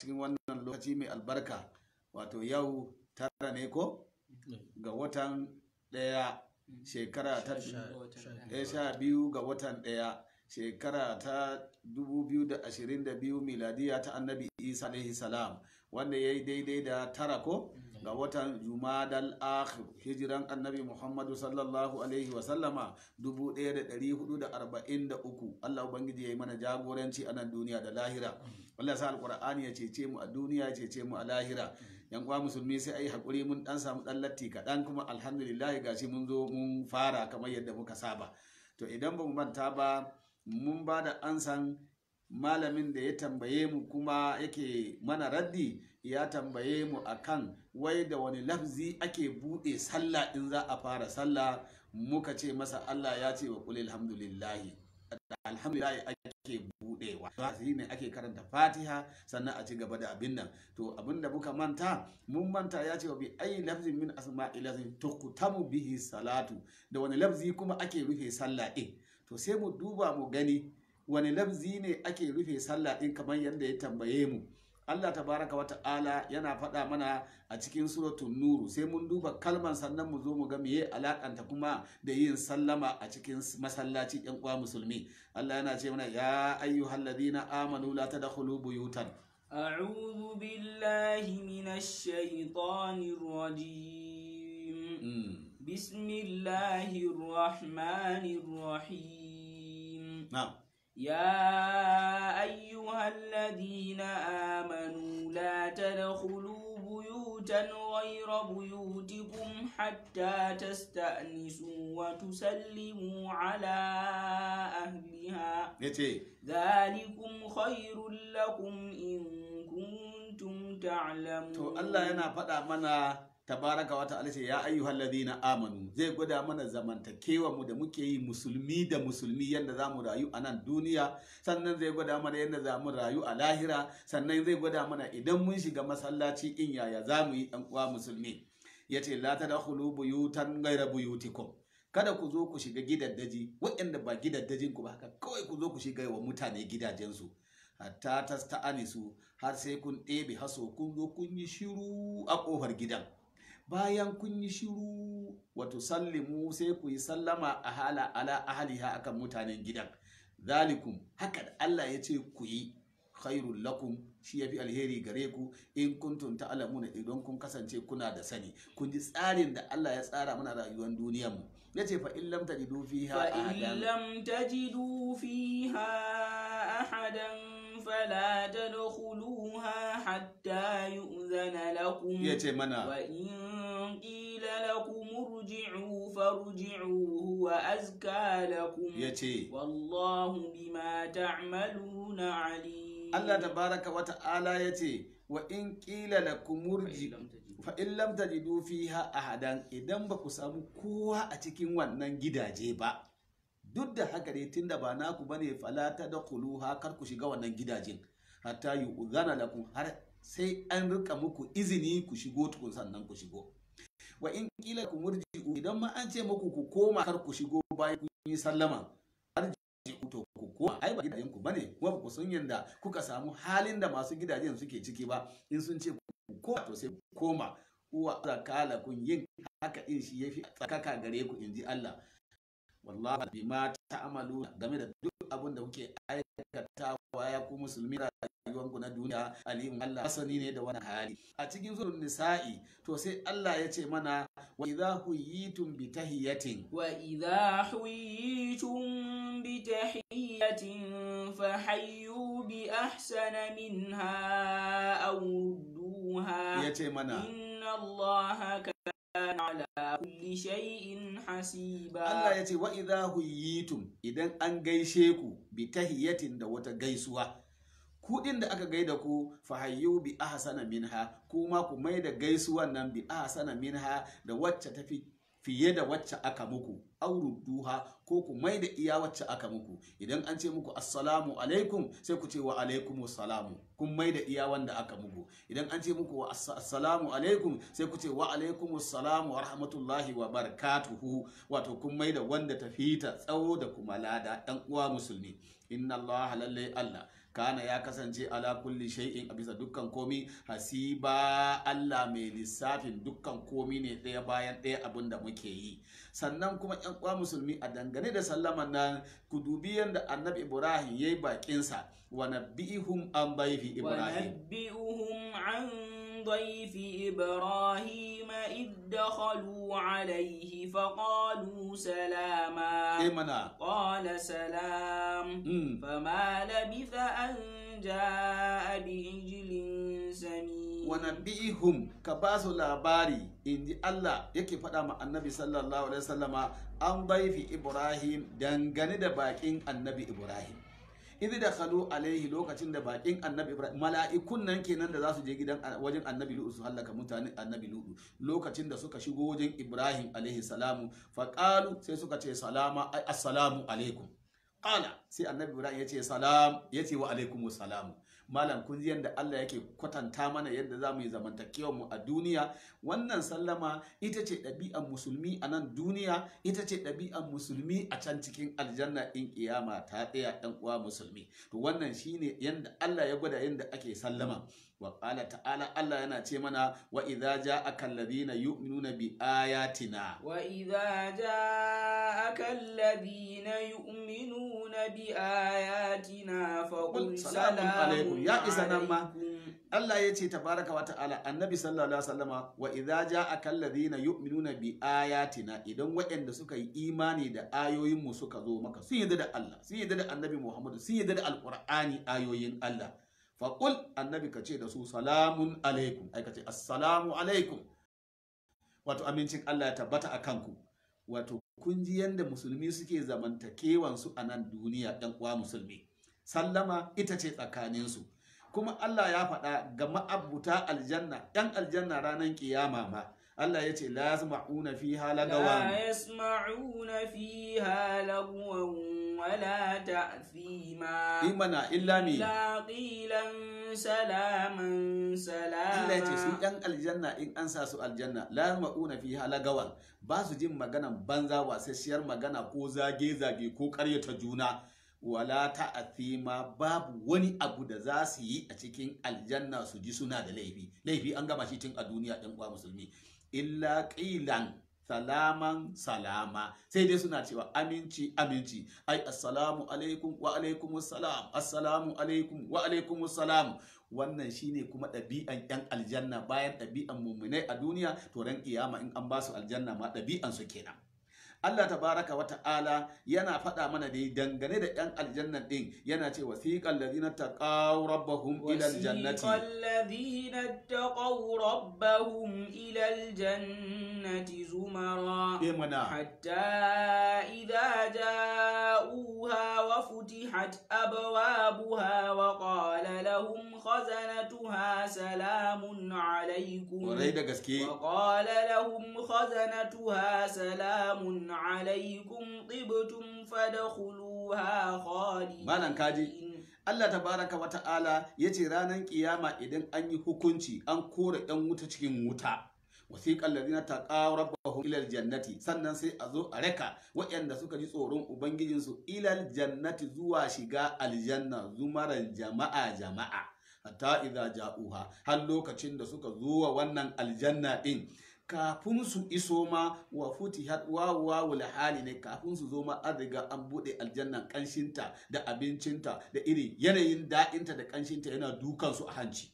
cikin wannan lokaci mai albarka wato yau tara ne ko ga watan ɗaya shekara ta sha eh, biyu ga watan ɗaya shekara ta dubu biyu da da ashirin biyu miladiya ta annabi isa alaihi salam wanda ya yi daidai da tara ko ga watan jumadal akhir hijiran annabi muhammadu sallallahu alaihi wasallama 1443 allah ubangiji ya yi mana jagoranci a nan duniya da lahira allah sa alkur'ani ya cece mu a duniya ya cece mu a lahira yan kwa musulmi sai a yi haƙuri mun ɗan samu ɗan latti kaɗan kuma alhamdulillah gashi mun zo mun fara kamar yadda muka saba to idan ba mu manta ba mun ba da ansan malamin da ya tambaye mu kuma yake mana raddi ya tambaye mu akan wai da wani lafzi ake buɗe sallah in za a fara sallah muka ce masa Allah ya ce wa kulil alhamdulillahi alhamdulillahi ake buɗewa shi ne ake karanta fatiha sannan a ci gaba da abin nan to abin da muka manta mun manta ya ce wa bi ayi lafzin min asma'i lafzin tukutamu bihi salatu da wani lafzi kuma ake rufe sallah din to sai mu duba mu gani wani lafzi ne ake rufe sallah din kamar yadda ya tambaye mu Allah tabaraka wa ta'ala yana faɗa mana a cikin suratun nuru sai mun duba kalman sannan mu zo mu ga meye alakanta kuma da yin sallama a cikin masallaci yan uwa musulmi Allah yana ce mana ya ayyuhalladhina amanu la tadkhulu buyutan a'udhu billahi minash shaitanir rajim hmm. bismillahir rahmanir rahim na'am يا أيها الذين آمنوا لا تدخلوا بيوتا غير بيوتكم حتى تستأنسوا وتسلموا على أهلها ذلكم خير لكم إن كنتم تعلمون الله ينا منا tabaraka Wata ta'ala ce ya ayyuhal na amanu zai gwada mana zamantakewa mu da muke yi musulmi da musulmi yadda za mu rayu a nan duniya sannan zai gwada mana yadda za mu rayu a lahira sannan zai gwada mana idan mun shiga masallaci in yaya za mu yi ɗan uwa musulmi yace la tadkhulu buyutan ghayra buyutikum kada ku zo ku shiga gidaddaji waɗanda ba gidaddajin ku ba haka kawai ku zo ku shiga wa mutane gidajensu hatta su har sai kun ɗebe haso kun zo kun yi shiru a ƙofar gidan bayan kun yi shiru wato sallimu sai ku yi sallama a hala ala ahaliha akan mutanen gidan zalikum haka Allah ya ce ku yi khairul lakum shi yafi alheri gare ku in kuntum ta'lamuna idan kun kasance kuna da sani kun ji tsarin da Allah ya tsara mana rayuwar duniyar mu yace fa in tajidu fiha ahadan fa illam tajidu fiha ahadan fala da dokulu ha hatta yi uzana lakumu ya ce mana wa in kila lakumu ruji'u ma ta amalu ali Allah ta baraka wata ala ya ce wa in kila lakumu fa’in lamta jidufi ha’adan idan ba ku samu kowa a cikin wannan gidaje ba duk da haka dai tunda ba naku bane fala ta da kuluha kar ku shiga wannan gidajen hatta yi uzana ku har sai an rika muku izini ku shigo tukun sannan ku shigo wa in kila ku murji'u idan ma an ce muku ku koma kar ku shigo bayan ku yi sallama ku to ku koma ai ba gidajen ku bane kuma ku sun yanda kuka samu halin da masu gidajen suke ciki ba in sun ce ku koma to sai koma uwa zakala kun yin haka din shi yafi tsakaka gare ku inji Allah wallahi bima ta'malu game da duk abin da kuke aikatawa ya ku musulmi ku na duniya alim Allah asani ne da wannan hali a cikin surun nisa'i to sai Allah ya ce mana wa idza huyitum bi tahiyatin wa idza huyitum bi tahiyatin hayyu bi ahsana minha aw rudduha ce mana inna Allah Yana wala hasiba. Allah ya ce, wa izahun yi idan an gaishe ku, bi ta hiyatin da wata gaisuwa. Kuɗin da aka gaida ku fa Hauyau bi a hasana mini ha, kuma kumaai da gaisuwan nan bi a hasana mini ha da wacce tafi. fiye da wacce aka muku auru duha ko ku mai da iya wacce aka muku idan an ce muku assalamu alaikum sai ku ce wa alaikumu salamu kun mai da iya wanda aka muku idan an ce muku wa assalamu alaikum sai ku ce wa alaikumu salamu wa rahmatullahi wa barakatuhu wato kun mai da wanda ta fita tsawo da kuma lada ɗan uwa musulmi inna allaha lallai allah kana ya kasance ala kulli shay'in a bisa dukkan komi hasiba Allah mai lissafin dukkan komi ne ɗaya bayan ɗaya abin da muke yi sannan kuma ƴan uwa musulmi a dangane da sallama na ku dubi yanda annabi Ibrahim yayi bakin sa wa nabbihum an bayfi Ibrahim wa nabbihum an ضيف إبراهيم إذ دخلوا عليه فقالوا سلاما قال سلام فما لبث أن جاء بإجل سمين ونبئهم كباس لاباري إن الله يكي فدام النبي صلى الله عليه وسلم أن ضيف إبراهيم دنغني دباكين النبي إبراهيم da dakhalu alaihi lokacin da bakin annabi ibrahim mala'ikun nan kenan da za su je gidan wajen annabi lu'u su halaka mutane annabi lu'u lokacin da suka shigo wajen ibrahim alaihi salamu qalu sai suka ce salama assalamu alaikum qala sai annabi ibrahim yace salam yace wa alaikumus salamu malam kun yadda Allah yake kwatanta mana yadda za mu yi zamantakewar mu a duniya wannan sallama ita ce ɗabi'an musulmi a nan duniya ita ce ɗabi'an musulmi a can cikin aljanna in kiyama ta ɗaya ɗan uwa musulmi to wannan shine yadda Allah ya gwada yadda ake sallama wa qala ta'ala Allah yana ce mana wa idza ja'aka alladhina yu'minuna bi ayatina wa idza ja'aka alladhina yu'minuna bi ayatina ayatina faqul salamun ya isa Allah ya ce tabaraka wa ta'ala annabi sallallahu alaihi wasallama wa idza ja'aka alladhina yu'minuna bi ayatina idan wa'anda suka yi imani da ayoyin mu suka zo maka sun yadda da Allah sun yadda da annabi Muhammadu sun yadda da alqur'ani ayoyin Allah faqul annabi ka ce da su salamun alaikum ai ka ce assalamu alaikum wato amincin Allah ya tabbata akan ku wato kun ji yadda musulmi suke zamantakewansu a nan duniya ɗan uwa musulmi sallama ita ce tsakaninsu kuma Allah ya faɗa ga ma'abuta aljanna ɗan aljanna ranar kiyama ma Allah ya ce la yasma'una fi lagawan la yasma'una fi ولا تأثيما إيمانا إلا مي لا قيلا سلاما سلاما إلا تسو أن الجنة إن أنسى سو الجنة لا يرمعون فيها لغوا باسو جين مغانا بانزا واسسير مغانا قوزا جيزا جي كو كاريو تجونا ولا تأثيما باب وني أبو دزاسي za الجنة yi دليبي cikin أنغا su ji الدنيا da مسلمي إلا قيلا salaman salama sai dai suna cewa aminci aminci ai assalamu alaikum wa alaikum salam assalamu alaikum wa alaikum salam wannan shine kuma ɗabi'an yan aljanna bayan ɗabi'an mummunai a duniya to ran kiyama in an ba su aljanna ma ɗabi'an su kenan Allah tabaraka wa ta'ala yana faɗa mana dai dangane da ƴan aljannan ɗin yana ce wasiqal ladina taqaw rabbahum ila aljannati wasiqal ladina taqaw rabbahum ila aljannati zumara eh, hatta idza ja'uha wa futihat abwabuha wa qala lahum khazanatuha salamun alaykum wa qala lahum khazanatuha salamun عليكم طبتم فادخلوها خالدين مالن Allah tabaraka wa ta'ala ya ce ranar kiyama idan an yi hukunci an kora 'yan wuta cikin wuta wasiƙar lalina ta ƙawar bahu ilal jannati sannan sai a zo a raka waɗanda suka ji tsoron ubangijinsu ilal jannati zuwa shiga aljanna zumaran jama'a jama'a A ta'iza ja'uha har lokacin da suka zo wa wannan aljanna din kafin su iso ma wa futihat wa wula hali ne kafin su zo ma an riga an bude aljannan kanshinta da abincinta da iri yanayin da'inta da kanshinta yana dukansu a hanci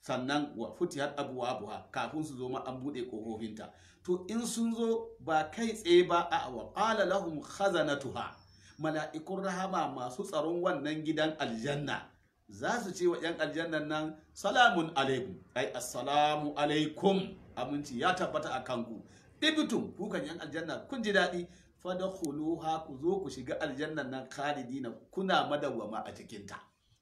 sannan wa futi abuwa abwabuha kafin su zo ma an bude kofofinta to in sun zo ba kai tsaye ba a wa qala lahum khazanatuha mala'ikun rahama masu tsaron wannan gidan aljanna za su ce wa 'yan aljannan nan salamun alaikum alaikum aminci ya tabbata a kanku ibitum kukan yan aljanna kun ji daɗi fadakhuluha ku zo ku shiga aljannan nan khalidina kuna madawwama a cikinta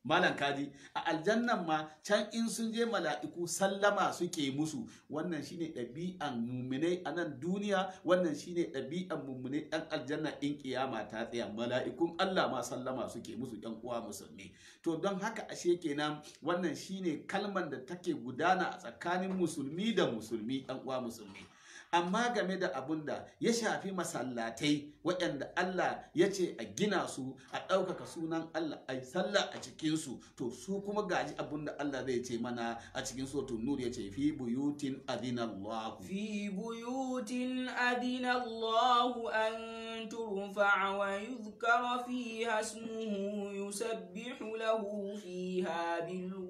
malam kaji a aljannan ma can in sun je mala'iku sallama suke musu wannan shine ɗabi'an muminai a nan duniya wannan shine ɗabi'an muminai ɗan aljanna in kiyama ta tsaya mala'ikun Allah ma sallama suke musu 'yan uwa musulmi to don haka ashe kenan wannan shine kalman da take gudana a tsakanin musulmi da musulmi 'yan uwa musulmi amma game da abun da ya shafi masallatai waɗanda Allah ya ce a gina su a ɗaukaka sunan Allah a sallah a cikinsu, to su kuma gaji abin da Allah zai ce mana a cikin sotun nur ya ce fi buyutin adina Allah fi buyutin adina Allah an turfa wa yuzkara fi ismuhu yusabbihu lahu fiha bil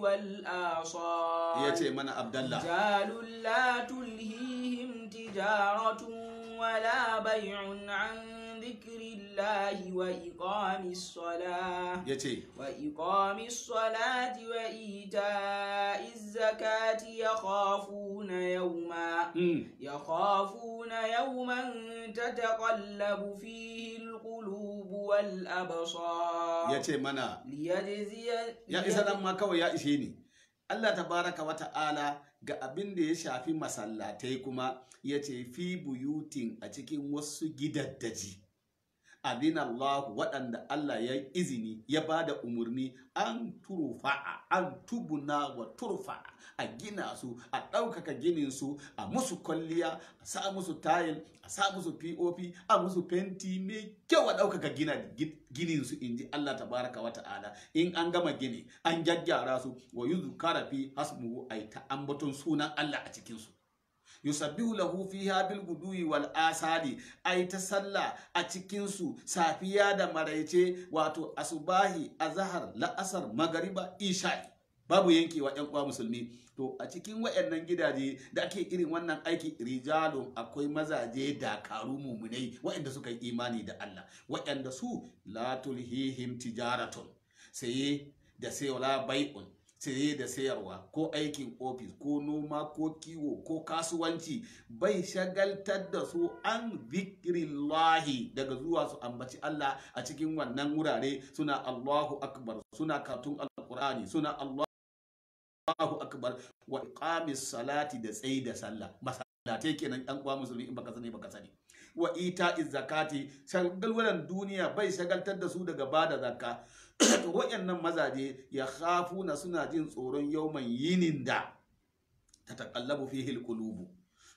والآصال يتي من عبد الله رجال لا تلهيهم tijaratun ولا بيع عن ذكر الله وإقام الصلاة يتي وإقام الصلاة وإيتاء الزكاة يخافون يوما يخافون يوما تتقلب فيه القلوب والأبصار يتي منا ليجزي يا إذا ما كوي يا إشيني Allah tabaraka wa ta'ala ga abin da ya shafi masallatai kuma ya ce fi buyutin a cikin wasu gidaddaji adinallahu waɗanda Allah ya izini ya ba da umarni an turfa'a an tubuna wa turfa'a a gina su a ɗaukaka ginin su a musu kwalliya a sa musu tayil a sa musu pop a musu fenti mai kyau a ɗaukaka gina ginin su inji Allah baraka wa ta'ala in an gama gini an gyaggyara su wa yuzkara fi hasmuhu yi ta ambaton sunan Allah a cikinsu yusabbihu lahu fiha bil guduwi wal asali ay ta sallah a cikin su safiya da maraice wato asubahi azhar la'asar magariba isha babu yankewa ƴan uwa musulmi to a cikin wayannan gidaje da ake irin wannan aiki rijalun akwai mazaje da dakaru mumunai wayanda suka yi imani da Allah wayanda su la tulhihim tijaratun sai da sai wala bai'un saye da sayarwa ko aikin ofis ko noma ko kiwo ko kasuwanci bai shagaltar da su an zikirillahi daga zuwa su ambaci Allah a cikin wannan wurare suna Allahu akbar suna katun alkurani suna Allahu akbar wa iqamis salati da tsayi da sallah masallatai kenan ɗan uwa musulmi in baka sani baka sani wa ita zakati shagalwaran duniya bai shagaltar da su daga bada zakka to waɗannan mazaje ya na suna jin tsoron yawman yinin da ta taqallabu fihi alqulubu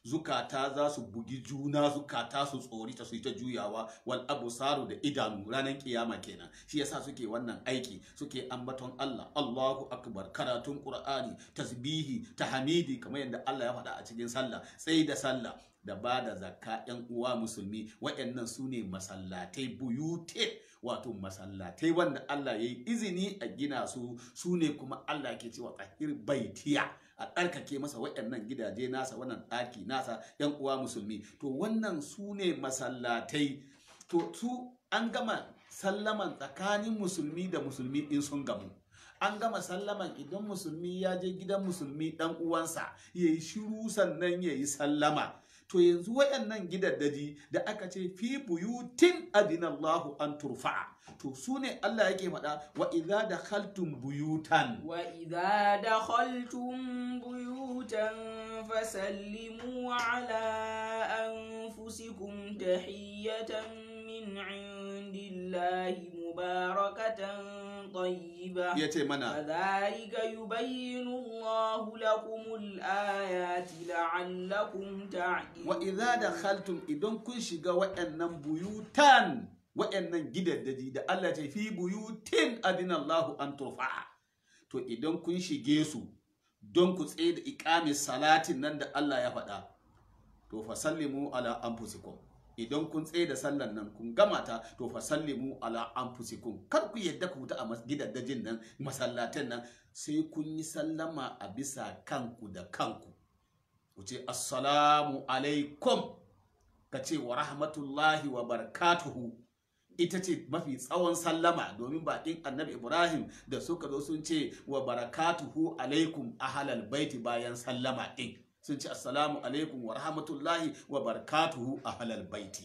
zukata za su bugi juna zukata su tsori ta su ta juyawa wal absaru da idanu ranar kiyama kenan shi yasa suke wannan aiki suke ambaton Allah Allahu akbar karatun Qur'ani tasbihi tahmidi kamar yadda Allah ya faɗa a cikin sallah sai da sallah da ba da zakka 'yan uwa musulmi waɗannan su ne masallatai buyute wato masallatai wanda Allah ya yi izini a gina su su ne kuma Allah ke cewa tsahir baitiya a tsarkake masa waɗannan gidaje nasa wannan ɗaki nasa yan uwa musulmi to wannan su ne masallatai to su an gama sallaman tsakanin musulmi da musulmi in sun gamu an gama sallaman idan musulmi ya je gidan musulmi ɗan uwansa ya yi shiru sannan ya yi sallama to yanzu wayannan gidaddaji da aka ce fi buyutin adinallahu an turfa'a to su ne Allah yake faɗa wa idza dakhaltum buyutan wa idza dakhaltum buyutan fasallimu ala anfusikum tahiyatan min indillahi mubarakatan tayyiba yace mana kadhalika yubayyinu Allahu lakumul ayati la'allakum ta'qilun wa idza dakhaltum idan kun shiga waɗannan buyutan waɗannan gidaddaji da Allah ce fi buyutin adinallahu an turfa to idan kun shige su don ku tsaye da iqamis salatin nan da Allah ya faɗa to fasallimu ala anfusikum idan kun tsaye da sallan nan kun gama ta to fa sallimu ala anfusikum kar ku yadda ku huta a gidaddajin nan masallatan nan sai kun yi sallama a bisa kanku da kanku ku ce assalamu alaikum ka ce wa rahmatullahi wa barakatuhu ita ce mafi tsawon sallama domin bakin annabi ibrahim da suka zo sun ce wa barakatuhu alaikum ahalal baiti bayan sallama din sun ci assalamu alaikum wa rahmatullahi wa barakatuhu a halal baiti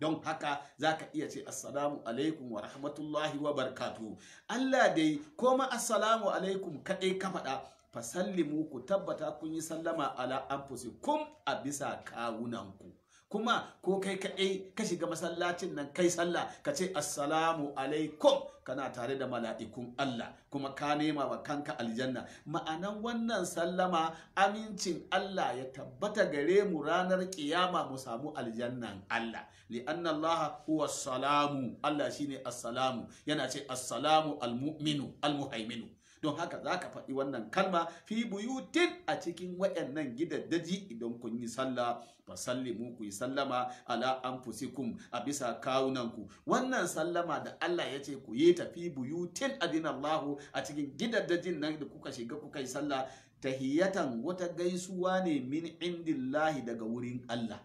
don haka za ka iya ce assalamu alaikum wa rahmatullahi wa barakatuhu Allah dai koma assalamu alaikum kaɗai ka faɗa fasallimu ku tabbata kun yi sallama ala anfusikum a bisa kawunanku kuma ko kai kaɗai ka shiga masallacin nan kai sallah ka ce assalamu alaikum kana tare da mala'ikun Allah kuma ka nema wa kanka aljanna ma'anan wannan sallama amincin Allah ya tabbata gare mu ranar kiyama mu samu aljannan Allah anna Allah huwa salamu Allah shine assalamu yana ce assalamu almu'minu almuhaiminu don haka za ka faɗi wannan kalma fi buyutin a cikin waɗannan gidaddaji idan kun yi sallah fa sallimu ku yi sallama ala anfusikum a bisa kawunanku wannan sallama da Allah ya ce ku yi ta fi buyutin adinallahu a cikin gidaddajin nan da kuka shiga kuka yi sallah tahiyatan wata gaisuwa ne min indillahi daga wurin Allah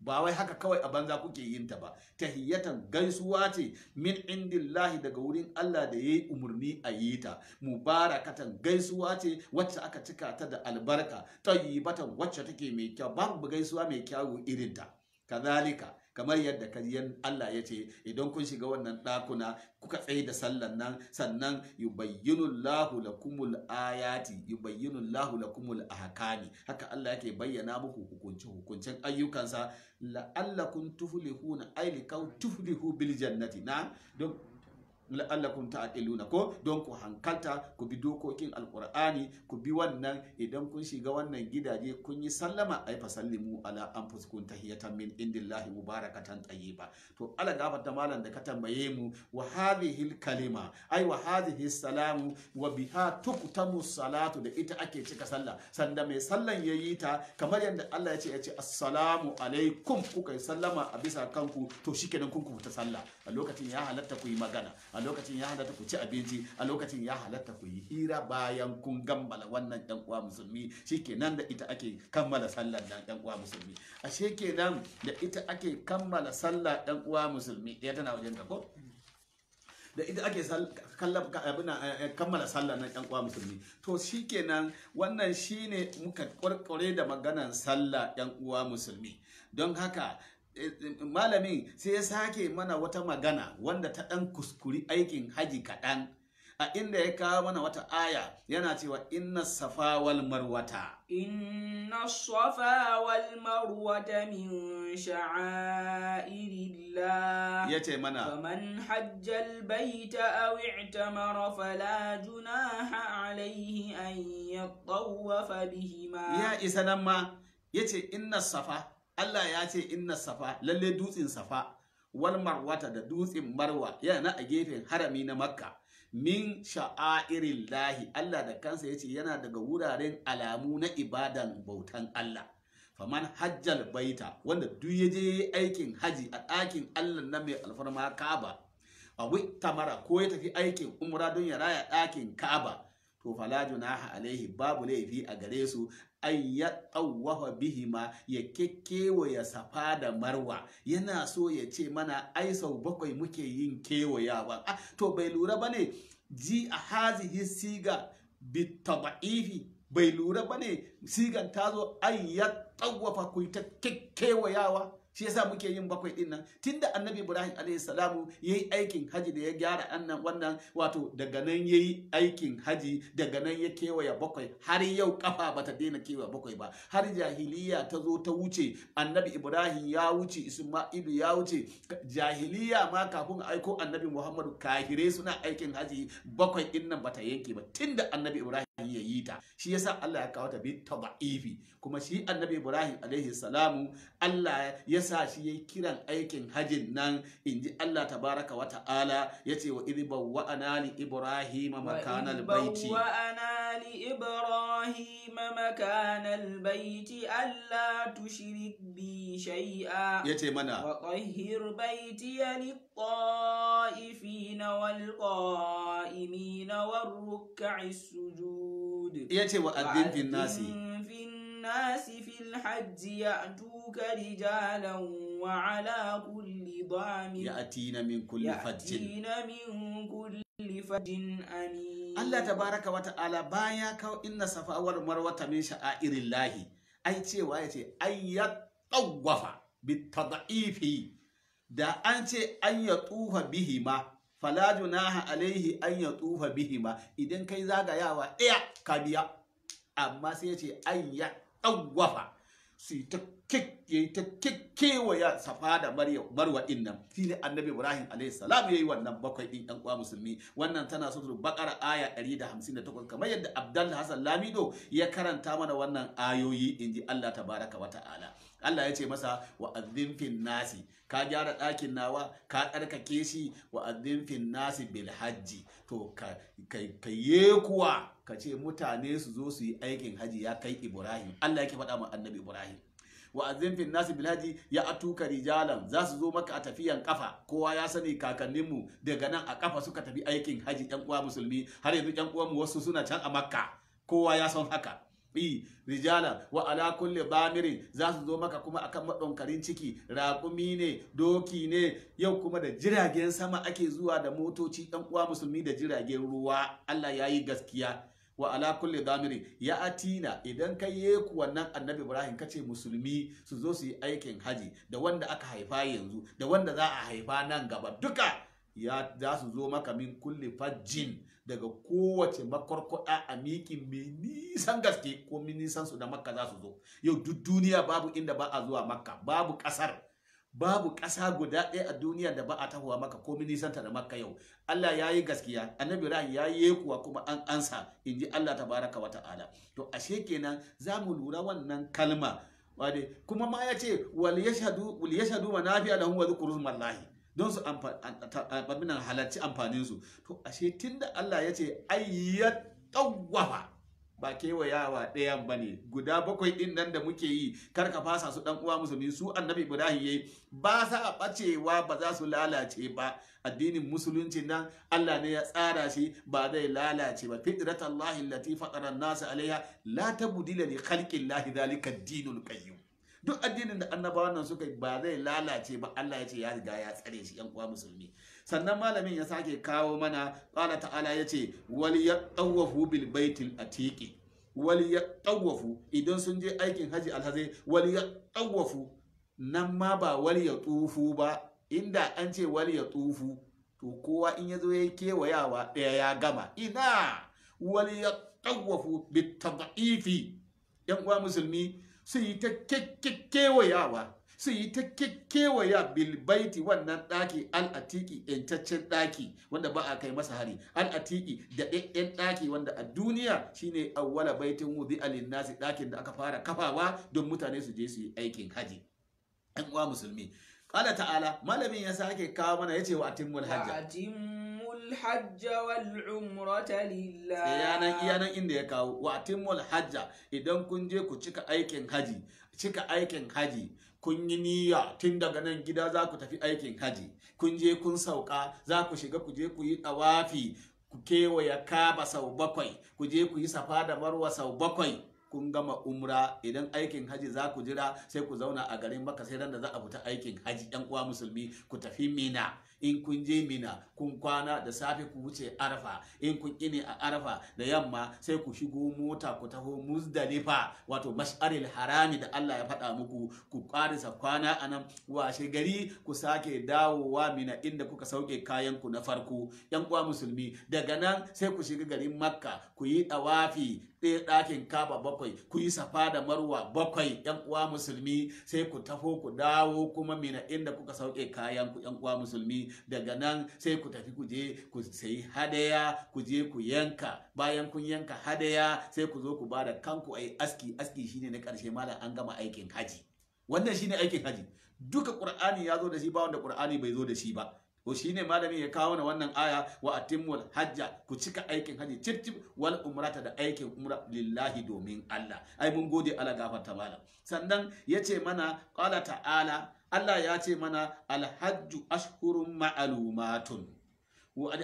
ba wai haka kawai a banza kuke yin ta ba tahiyatan gaisuwa ce min indillahi daga wurin Allah da yayi umurni a yi ta mubarakatan gaisuwa ce wacce aka cika ta da albarka tayyibatan wacce take mai kyau babu gaisuwa mai kyau irin ta kadhalika kamar yadda kariyar Allah ya ce idan kun shiga wannan ɗakuna kuka tsaye da sallan nan sannan yubayyinu Allahu lakumul ayati yubayyinu Allahu lakumul ahkami haka Allah yake bayyana muku hukunci hukuncin ayyukansa la'allakun na ay likaw tuflihu bil jannati na don la'allakum ta'qiluna ko don ku hankalta ku bi dokokin alqur'ani ku bi wannan idan kun shiga wannan gidaje kun yi sallama ay fasallimu ala anfusikum tahiyatan min indillahi mubarakatan tayyiba to ala gabar da malam da ka tambaye mu wa hadhihi kalima Ai wa hadhihi salamu wa biha tuktamu salatu da ita ake cika sallah sanda mai sallan yayi ta kamar yadda Allah ya ce ya ce assalamu alaikum kuka yi sallama a bisa kanku to shikenan kun ku ta sallah a lokacin ya halatta ku yi magana a lokacin ya halatta ku ci abinci a lokacin ya halatta ku yi hira bayan kun gambala wannan ɗan uwa musulmi shikenan da ita ake kammala sallar nan ɗan uwa musulmi a shikenan da ita ake kammala sallar ɗan uwa musulmi ya tana wajen ka ko da ita ake eh, eh, kammala sallah na ɗan uwa musulmi to shikenan wannan shine muka kwarkware da maganan sallah ɗan uwa musulmi don haka malamin sai ya sake mana wata magana wanda ta ɗan kuskuri aikin haji kaɗan a inda ya kawo mana wata aya yana cewa inna safa wal marwata inna safa wal marwata min sha'airillah ce mana faman bai baita aw i'tamara fala junaha alayhi an yatawafa bihima ya isa nan ma yace inna safa Allah ya ce inna safa lalle dutsen safa wal marwata da dutsin marwa yana a gefen harami na makka min sha'airin lahi Allah da kansa ya ce yana daga wuraren alamu na ibadan bautan Allah faman hajjal baita wanda duk ya je aikin haji a ɗakin Allah na mai alfarma kaba a tamara ko ya tafi aikin umra don ya raya ɗakin kaba to fala junaha alaihi babu laifi a gare su an ya bihi bihima ya kekkewaya safa da marwa yana so ya ce mana ai sau bakwai muke yin kewayawa ah, to bai lura ba ne ji a hazihi siga bitaba'ifi bai lura ba ne sigan zo ay ya tawwafa ta kekkewayawa shi yasa muke yin bakwai din nan tunda annabi ibrahim alayhi salamu yayi aikin haji da ya gyara annan wannan wato daga nan yayi aikin haji daga nan ya kewaya bakwai har yau kafa bata daina kewaya bakwai ba har jahiliya ta zo ta wuce annabi ibrahim ya wuce isma'ilu ya wuce jahiliya ma kafin aiko annabi muhammadu kahire suna aikin haji bakwai din nan bata yanke ba tunda annabi ibrahim ta shi yasa Allah ya kawo ta bi ba'ifi kuma shi annabi Ibrahim alaihi salamu Allah yasa shi yayi kiran aikin hajin nan in ji Allah tabaraka wa ta'ala Ya ce wa bawa bawwa'ana li Ibrahim makana al-baiti wa ana li Ibrahim makana ya baiti tushrik bi shay'a yace mana wa tahhir ya lit-ta'ifina na qaimina السجود iya ce wa adin fin nasi fin nasi fil hajji ya tuka rijalan wa ala kulli dami min kulli fajjin ya min kulli fajjin amin Allah tabaraka wa ta'ala baya ka inna safa wal marwa ta min sha'airin lahi ai cewa ya ce ai ya tawwafa bit tad'ifi da an ce an ya tufa bihi ma fala junaha alaihi an ya tsufa bihima idan kai zagayawa ɗaya ka biya amma sai ya ce an ya ɗagwafa su yi ta kewaya safa da marwa ɗin nan shi ne annabi ibrahim alaihi salam ya yi wannan bakwai ɗin ɗan kwa musulmi wannan tana sutur bakar aya 158 kamar yadda abdal hassan lamido ya karanta mana wannan ayoyi in ji allah ta baraka wata'ala. Allah ya ce masa wa azzin fin nasi ka gyara ɗakin nawa ka tsarkake shi wa azzin fin nasi bil to ka yi yekuwa ka ce mutane su zo su yi aikin haji ya kai Ibrahim Allah yake faɗa ma annabi Ibrahim wa azzin fin nasi bil hajji ya atuka rijalan za su zo maka a tafiyan kafa kowa ya sani kakanninmu daga nan a kafa suka tafi aikin haji 'yan uwa musulmi har yanzu ƴan uwanmu wasu suna can a Makka kowa ya san haka bi rijala wa ala kulli bamirin za su zo maka kuma akan madonkarin ciki rakumi ne doki ne yau kuma da jiragen sama ake zuwa da motoci ɗan uwa musulmi da jiragen ruwa Allah ya yi gaskiya wa ala kulli damiri ya atina idan ka ku wannan annabi ibrahim kace musulmi su zo su yi aikin haji da wanda aka haifa yanzu da wanda za a haifa nan gaba duka ya za su zo maka min kulli fajjin daga kowace makwarkwada a mikin mai nisan gaske ko nisan su da makka za su zo yau duk duniya babu inda ba a zuwa makka babu ƙasar babu ƙasa guda ɗaya a duniya da ba a tahowa maka ko nisan ta da makka yau Allah ya yi gaskiya annabi Ibrahim ya yi kuwa kuma an ansa in ji Allah ta baraka wa ta'ala to ashe kenan za mu lura wannan kalma wade kuma ma ya ce wal yashhadu wal yashhadu manafi'a lahum wa dhikruhum wallahi don su amfani halarci amfanin su to ashe da Allah ya ce ayyar tawafa ba kewayawa ɗayan ba ne guda bakwai ɗin nan da muke yi kar ka fasa su ɗan uwa musulmi su annabi ibrahim yayi ba sa ɓacewa ba za su lalace ba addinin musulunci nan Allah ne ya tsara shi ba zai lalace ba fitratallahi lati fatara an-nasa alaiha la ta li khalqi llahi zalika ad-dinul qayyim duk addinin da annabawan nan suka ba zai lalace ba Allah ya ce ya riga ya tsare shi yan uwa musulmi sannan malamin ya sake kawo mana qala ta'ala ya ce, wal yatawafu bil baitil atiqi wal yatawafu idan sun je aikin haji alhazai wal yatawafu nan ma ba wal yatufu ba inda an ce wal yatufu to kowa in ya yazo yayi kewayawa daya ya gama ina wal yatawafu bit tad'ifi yan uwa musulmi sai yi ta kewayawa sai yi ta kewaya bilbaiti wannan ɗaki al'atiki yantaccen ɗaki wanda ba a kai masa hari al'atiki da ɗayan ɗaki wanda a duniya shine awwala baitin wudi alin nasi ɗakin da aka fara kafawa don mutane su je su yi aikin haji ɗan uwa musulmi ƙala ta'ala malamin ya sake kawo mana yace wa atimul hajja الحج والعمرة لله iyana iyana inda ya kawo wa atimul hajja idan kun je ku cika aikin haji cika aikin kun yi niyya tun daga nan gida za ku tafi aikin haji kun je kun sauka za ku shiga ku je ku yi tawafi ku kewaya kaba sau bakwai ku je ku yi safa da marwa sau bakwai kun gama umra idan aikin haji za ku jira sai ku zauna a garin baka, sai ran da za a fita aikin haji yan uwa musulmi ku tafi mina in kun je mina kun kwana da safe ku wuce arafa. in kun kine a arafa da yamma sai ku shigo mota ku taho muzdalifa wato mash'aril harami da Allah ya faɗa muku ku ƙarisa kwana anan washe gari ku sake dawowa mina inda kuka sauke kayan ku na farko yan uwa musulmi daga nan sai ku shiga garin makka ku yi dawafi ɗaya ɗakin kaba bakwai ku yi safa da marwa bakwai yan uwa musulmi sai ku taho ku dawo kuma mina inda kuka sauke kayan ku yan uwa musulmi daga nan sai ku tafi ku je ku sayi hadaya ku je ku yanka bayan kun yanka hadaya sai ku zo ku ba da kanku ai aski aski shine na karshe malam an gama aikin haji wannan shine aikin haji duka qur'ani ya zo da shi ba wanda qur'ani bai zo da shi ba to shine malami ya kawo na wannan aya wa atimul hajja ku cika aikin haji tirtib wal umrata da aikin umra lillahi domin Allah ai mun gode Allah gafarta malam sannan yace mana qala ta'ala Allah ya ce mana alhajju ashhurun ma'alumatun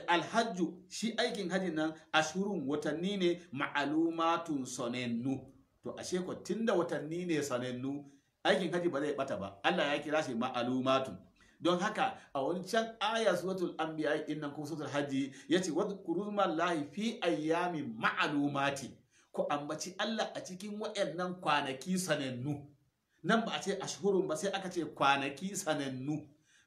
alhajju shi aikin hajji nan ashhurun watanni ne ma'alumatun sanannu to ashe ko tunda watanni ne sanannu aikin hajji ba zai bata ba Allah ya kira shi ma'alumatun don haka a wancan aya suratul anbiya din nan ko suratul hajji yace wadhkuru fi ayyamin ma'alumati ku ambaci Allah a cikin waɗannan kwanaki sanannu nan ba a ce ashhurun ba sai aka ce kwanaki sanannu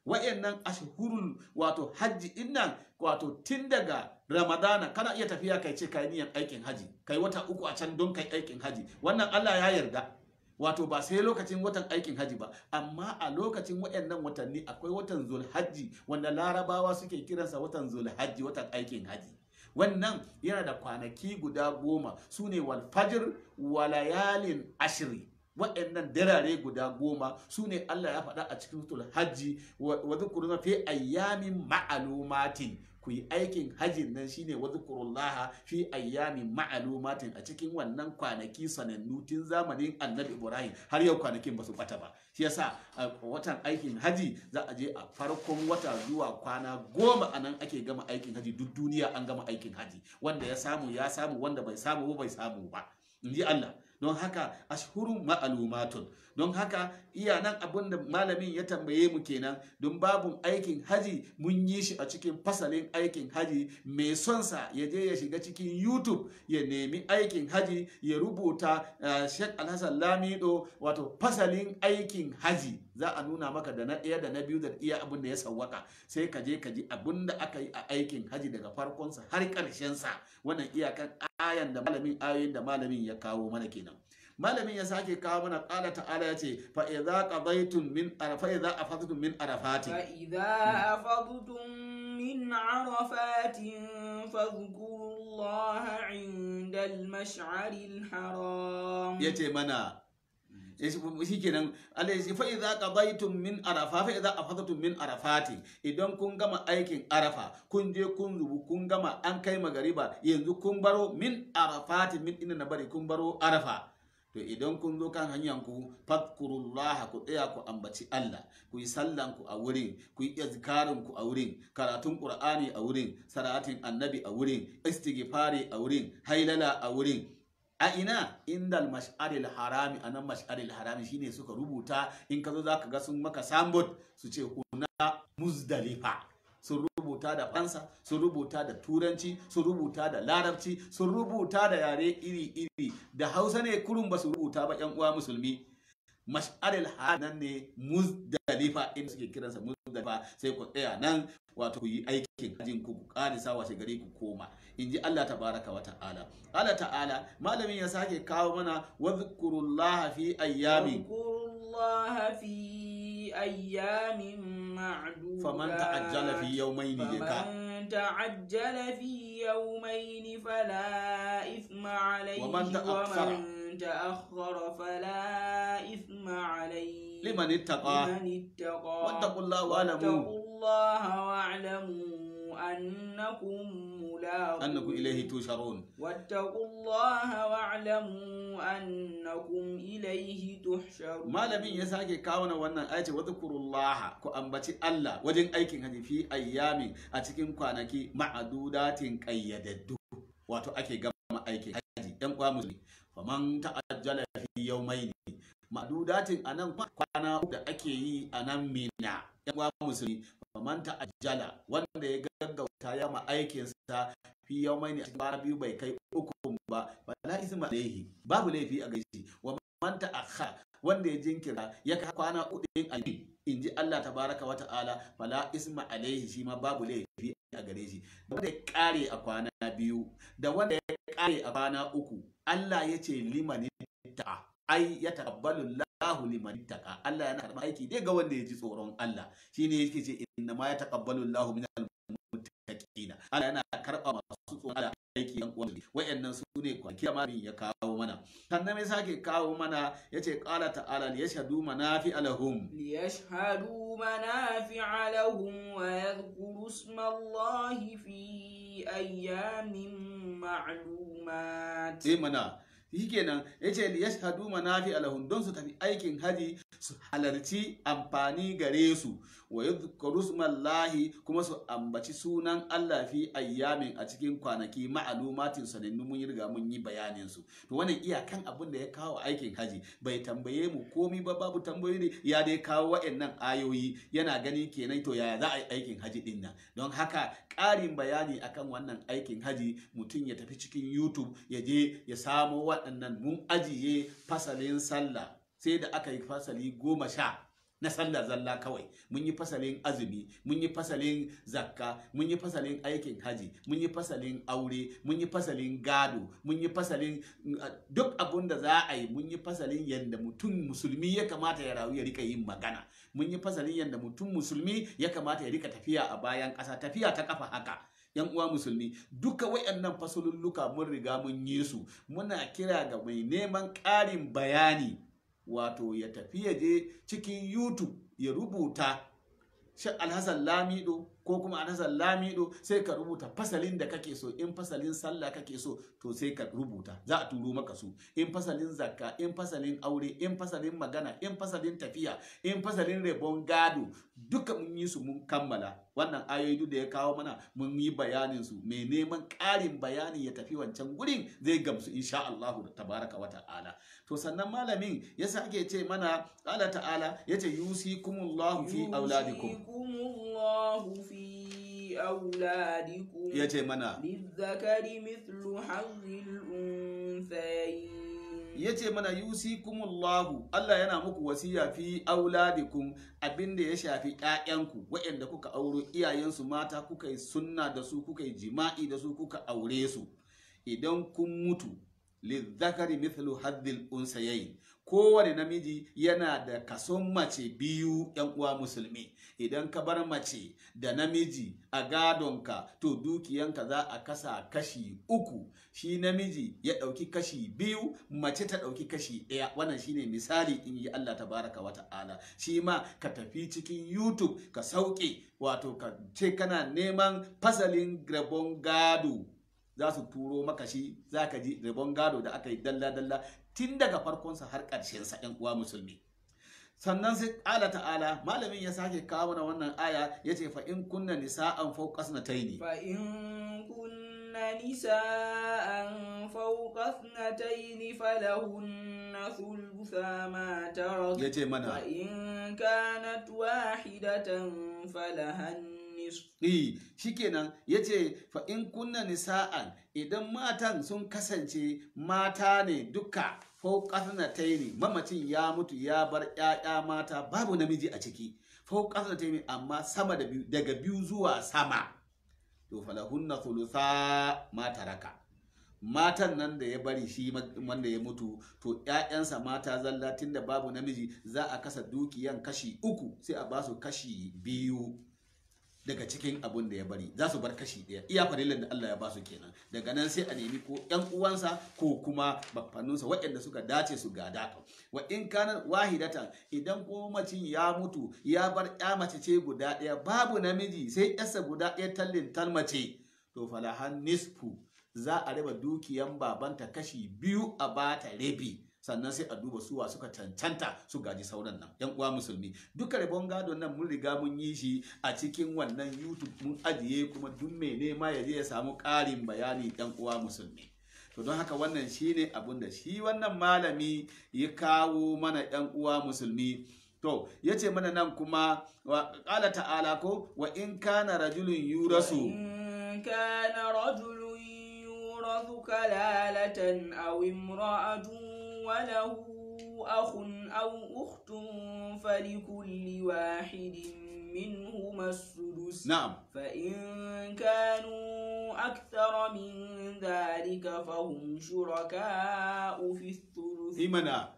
wayannan ashhurul wato hajji innan wato tun daga ramadana kana iya tafiya kai ce kai niyan aikin haji kai wata uku a can don kai aikin haji wannan Allah ya yarda wato ba sai lokacin watan aikin haji ba amma a lokacin wayannan watanni akwai watan zulhajji wanda larabawa suke kiransa watan zulhajji watan aikin haji wannan yana da kwanaki guda goma su ne walfajir walayalin ashiri wa'annan dirare guda goma su ne Allah ya faɗa a cikin tul hajji wa zukuruna fi ayyamin ma'alumatin ku yi aikin hajjin nan shine wa zukurullah fi ayyamin ma'alumatin a cikin wannan kwanaki sanannu tun zamanin annabi Ibrahim har yau kwanakin ba su bata ba shi yasa watan aikin hajji za a je a farkon wata zuwa kwana goma a nan ake gama aikin hajji duk duniya an gama aikin hajji wanda ya samu ya samu wanda bai samu ba bai samu ba in ji Allah don haka ashhurun ma'lumatun don haka iya nan abin da malamin ya tambaye mu kenan don babu aikin haji mun yi shi a cikin fasalin aikin haji mai son sa ya je ya shiga cikin YouTube ya nemi aikin haji ya rubuta eh, shek Alhassan Lamido wato fasalin aikin haji za a nuna maka da na ɗaya da na biyu da iya abin da ya sawwaka sai ka je ka ji abin da aka yi a aikin haji daga farkonsa har ƙarshensa wannan iyakan ayan da malamin ayoyin da malamin ya kawo mana kenan malamin ya sake kawo mana qala ta'ala ce, fa idza qadaytum min arafa idza afadtum min arafati fa idza afadtum min arafatin fadhkurullaha 'inda al-mash'aril haram yace mana shi kenan Allah ya fa idza qadaytum min arafa fa idza afadtum min arafati idan kun gama aikin arafa kun je kun zubu kun gama an kai magariba yanzu kun baro min arafati min inna bari kun baro arafa to idan kun zo kan hanyar ku fadkurullaha ku tsaya ku ambaci Allah ku yi sallan ku a wurin ku yi azkarin ku a wurin karatun qur'ani a wurin salatin annabi a wurin istighfari a wurin hailala a wurin a ina indal mash'aril harami anan mash'aril harami shine suka rubuta in ka zo zaka ga sun maka sambot su ce kuna muzdalifa sun rubuta da fansa sun rubuta da turanci sun rubuta da larabci sun rubuta da yare iri-iri da hausa ne kurun ba su rubuta ba yan uwa musulmi mash'aril hanan ne muzdalifa inda suke kiransa muzdalifa sai ku tsaya nan wato ku yi aikin kajin ku karisa washe gari ku koma in ji Allah tabaraka wa ta'ala Allah ta'ala malamin ya sake kawo mana wa zkurullaha fi ayyamin fi أيام معدودة فمن تعجل في يومين فمن تعجل في يومين فلا إثم عليه ومن تأخر ومن تأخر فلا إثم عليه لمن اتقى لمن اتقى واتقوا الله واعلموا واتقوا الله واعلموا أنكم أنكم إليه تشرون واتقوا الله واعلموا أنكم إليه تحشرون ما لبين يساكي كاونا وانا آيات وذكروا الله كأنبتي الله وجن أيكين هذه في أيام أتكين كوانكي معدودات كيددو واتو أكي قم أيكي هذه يمقوا مسلم فمن تأجل في يومين معدودات أنا nan kwana da ake yi a manta ajala wanda ya gaggauta ya ma sa, fi yau a cikin kwana biyu bai kai uku ba wala isma alaihi babu laifi a gaishe wa manta akha wanda ya jinkira ya ka kwana uku din In inji Allah tabaraka wa ta'ala wala isma alaihi shi ma babu laifi a gare shi wanda ya kare a kwana biyu da wanda ya kare a kwana uku Allah ya ce limanin ta ai ya taqabbalu lahu liman ittaqa Allah yana karɓa aiki dai ga wanda ya ji tsoron Allah shine yake ce inna ma ya taqabbalu min al muttaqina Allah yana karɓa masu tsoron Allah aiki yan uwan wayannan su ne kwanki da malamin ya kawo mana sannan mai sake kawo mana yace qala ta'ala yashhadu manafi alahum yashhadu manafi alahum wa yadhkuru isma Allah fi ayyamin ma'lumat sai eh, mana shikenan yace li yashhadu manafi alahum don su tafi aikin haji su halarci amfani gare su wa yadhkuru smallahi kuma su ambaci sunan Allah fi ayyamin a cikin kwanaki ma'alumatin sanannu mun riga mun yi bayanin su to wannan iyakan abin da ya kawo aikin haji bai tambaye mu komai ba babu tambayoyi ne ya dai kawo wa'annan ayoyi yana gani kenan to yaya za a yi aikin haji din nan don haka ƙarin bayani akan wannan aikin haji mutum ya tafi cikin YouTube ya je ya samo waɗannan mun ajiye fasalin sallah sai da aka yi fasali goma sha na sallar zalla kawai mun yi fasalin azumi mun yi fasalin zakka mun yi fasalin aikin haji mun yi fasalin aure mun yi fasalin gado mun yi fasalin mm, duk abun da za a yi mun yi fasalin yadda mutum musulmi ya kamata ya rayu ya rika yin magana mun yi fasalin yadda mutum musulmi ya kamata ya rika tafiya a bayan ƙasa tafiya ta kafa haka yan uwa musulmi duka wayannan fasalulluka mun riga mun yi su muna kira ga mai neman ƙarin bayani wato ya tafi ya je cikin youtube ya rubuta shi alhassan lamido ko kuma alhassan lamido sai ka rubuta fasalin da kake so in fasalin sallah kake so to sai ka rubuta za a turo maka su in fasalin zakka in fasalin aure in fasalin magana in fasalin tafiya in fasalin rebon gado duka mun yi su mun kammala wannan ayoyi da ya kawo mana mun yi bayanin su mai neman ƙarin bayani ya tafi wancan gurin zai gamsu insha Allah da tabaraka wa ta'ala to sannan malamin ya sake ce mana qala ta'ala yace yusikumullahu fi auladikum yusikumullahu fi auladikum ce mana lizzakari mithlu hazzil unsayayn yace mana yusikumullahu Allah yana muku wasiya fi auladikum abinda ya shafi ƴaƴanku waɗanda kuka auro iyayensu mata kuka yi sunna da su kuka yi jima'i da su kuka aure su idan kun mutu lizzakari mithlu haddil unsayayi kowane namiji yana da kason mace biyu yan uwa musulmi idan ka bar mace da namiji a gadonka to dukiyanka za a kasa kashi uku shi namiji ya ɗauki kashi biyu mace ta ɗauki kashi ɗaya wannan shine misali in yi Allah baraka wa ta'ala shi ma ka tafi cikin YouTube ka sauke wato ka ce kana neman fasalin grabon gado za su turo maka shi za ka ji rabon gado da aka yi dalla-dalla tun daga farkonsa har ƙarshen sa ɗan uwa musulmi sannan sai ƙala ta'ala malamin ya sake kawo na wannan aya ya ce fa in kunna nisa'an fawqa sanataini fa in kunna nisa'an fawqa sanataini falahunna thulutha ma ya yace mana fa in kanat wahidatan falahan cinye shi eh, shikenan yace fa in kunna nisa'an idan matan sun kasance mata ne duka ta yi taini mamacin ya mutu ya bar 'ya'ya mata babu namiji a ciki ta yi taini amma sama da biyu daga biyu zuwa sama to falahunna thulutha mata raka, matan nan da ya bari shi wanda ya mutu to 'ya'yansa mata zalla da babu namiji za a kasa dukiyan kashi uku sai a basu kashi biyu daga cikin abun da ya bari za su bar kashi ɗaya iya farilan da Allah ya ba su kenan daga nan sai a nemi ko ƴan uwansa ko kuma bafanninsa waɗanda suka dace su gada wa in kana wahidatan idan ko macin ya mutu ya bar ƴa mace ce guda ɗaya babu namiji sai ƴarsa guda ɗaya tallin talmace to falahan nisfu za a raba dukiyan babanta kashi biyu a bata rabi sannan sai a duba suwa suka cancanta su gaji sauran nan yan uwa musulmi duka rabon gado nan mun riga mun yi shi a cikin wannan youtube mun ajiye kuma duk mai nema ya je ya samu ƙarin bayani yan uwa musulmi to don haka wannan shine abin da shi wannan malami ya kawo mana yan uwa musulmi To, yace mana nan kuma, qala ta'ala ko, wa in kana rajulun yurasu. In kana rajulun yurasu kalalatan aw imra'atun وله أخ أو أخت فلكل واحد منهما السدس نعم فإن كانوا أكثر من ذلك فهم شركاء في الثلث إيمانا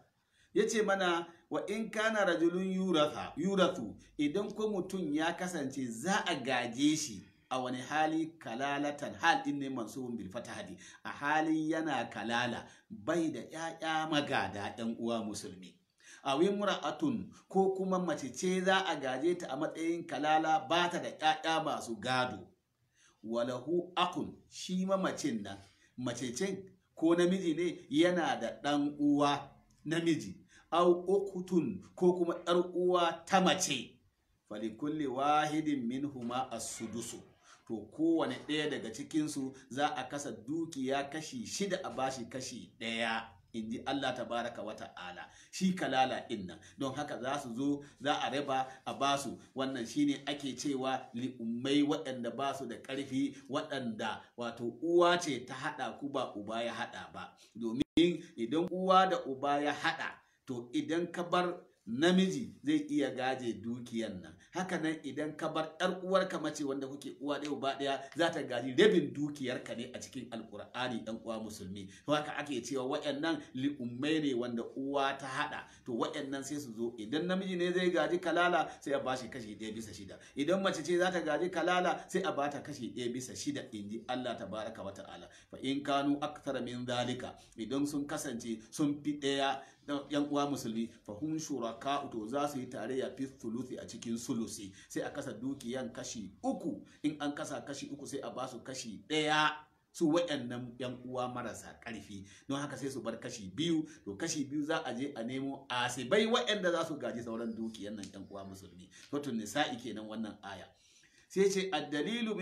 yace mana wa in kana rajulun يورث yurathu idan ko mutum ya kasance za a wani hali kalalatan hal din ne mansubun bil fatahati a hali yana kalala bai da ƴaƴa magada ɗan uwa musulmi awi mura'atun ko kuma mace ce za a gaje ta a matsayin kalala ba ta da ƴaƴa masu gado walahu akun shi mamacin nan macecen ko namiji ne yana da ɗan uwa namiji au ukutun ko kuma ‘yar uwa ta mace falikulli wahidin min huma as-sudusu to kowane ɗaya daga cikinsu za a kasa dukiya kashi shida a bashi kashi ɗaya in ji Allah tabaraka wa ta'ala shi kalala inna don haka za su zo za a raba a basu wannan shine ake cewa li'ummai waɗanda ba su da ƙarfi waɗanda wato uwa ce ta haɗa ku ba uba ya haɗa ba domin idan uwa da uba ya haɗa to idan ka bar namiji zai iya gaje dukiyan nan haka nan idan ka bar ɗar uwarka mace wanda kuke uwa ɗaya uba ɗaya za ta gaji rabin dukiyarka ne a cikin alkur'ani ɗan uwa musulmi haka ake cewa wayannan li'ummai ne wanda uwa ta haɗa to wayannan sai su zo idan namiji ne zai gaji kalala sai a bashi kashi ɗaya bisa shida idan mace ce za ta gaji kalala sai a bata kashi ɗaya bisa shida in ji Allah tabaraka wa ta'ala fa in kanu aktar min zalika idan sun kasance sun fi ɗaya yan uwa musulmi fahim shuraka to za su yi tarayya fi thuluthi a cikin sulusi sai a kasa dukiyan kashi uku in an kasa kashi uku sai a ba su kashi ɗaya su wayannan yan uwa marasa karfi don haka sai su bar kashi biyu to kashi biyu za a je a nemo asibai wayanda za su gaji sauran dukiyan nan yan uwa musulmi wato nisa'i kenan wannan aya sai ce addalilu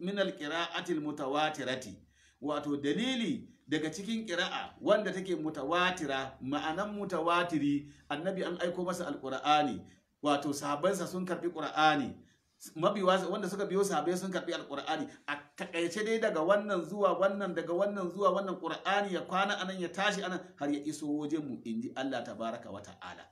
min al-qira'ati al-mutawatirati wato dalili daga cikin kira'a wanda take mutawatira ma'anan mutawatiri annabi an aiko masa alƙur'ani wato sahabbansa sun karbi ƙur'ani mabiwa wanda suka biyo sahabbai sun karbi alƙur'ani a takaice dai daga wannan zuwa wannan daga wannan zuwa wannan ƙur'ani ya kwana anan ya tashi anan har ya iso wajen mu inji Allah tabaraka wa ta'ala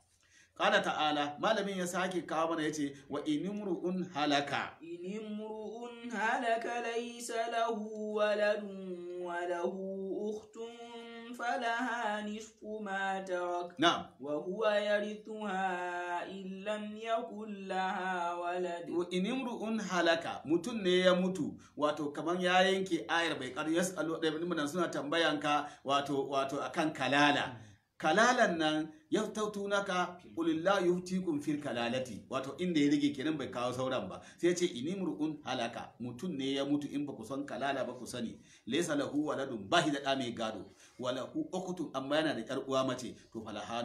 Kala ta'ala malamin ya sake kawo mana yace wa inimru'un halaka inimru'un halaka laisa lahu waladun wa lahu ukhtun falaha nisfu ma tarak na'am wa huwa yarithuha in yakul laha walad wa inimru'un halaka mutum ne ya mutu wato kaman ya yanke ayar bai kar yasalu da suna tambayanka wato wato akan kalala kalalan nan yaftautunaka qulillahu kun fil kalalati wato inda ya rige kenan bai kawo sauran ba sai ce ini murkun halaka mutun ne ya mutu in ba ku san kalala ba ku sani laysa lahu waladun bahi da da mai gado walahu okutu amma yana da yar uwa mace to falaha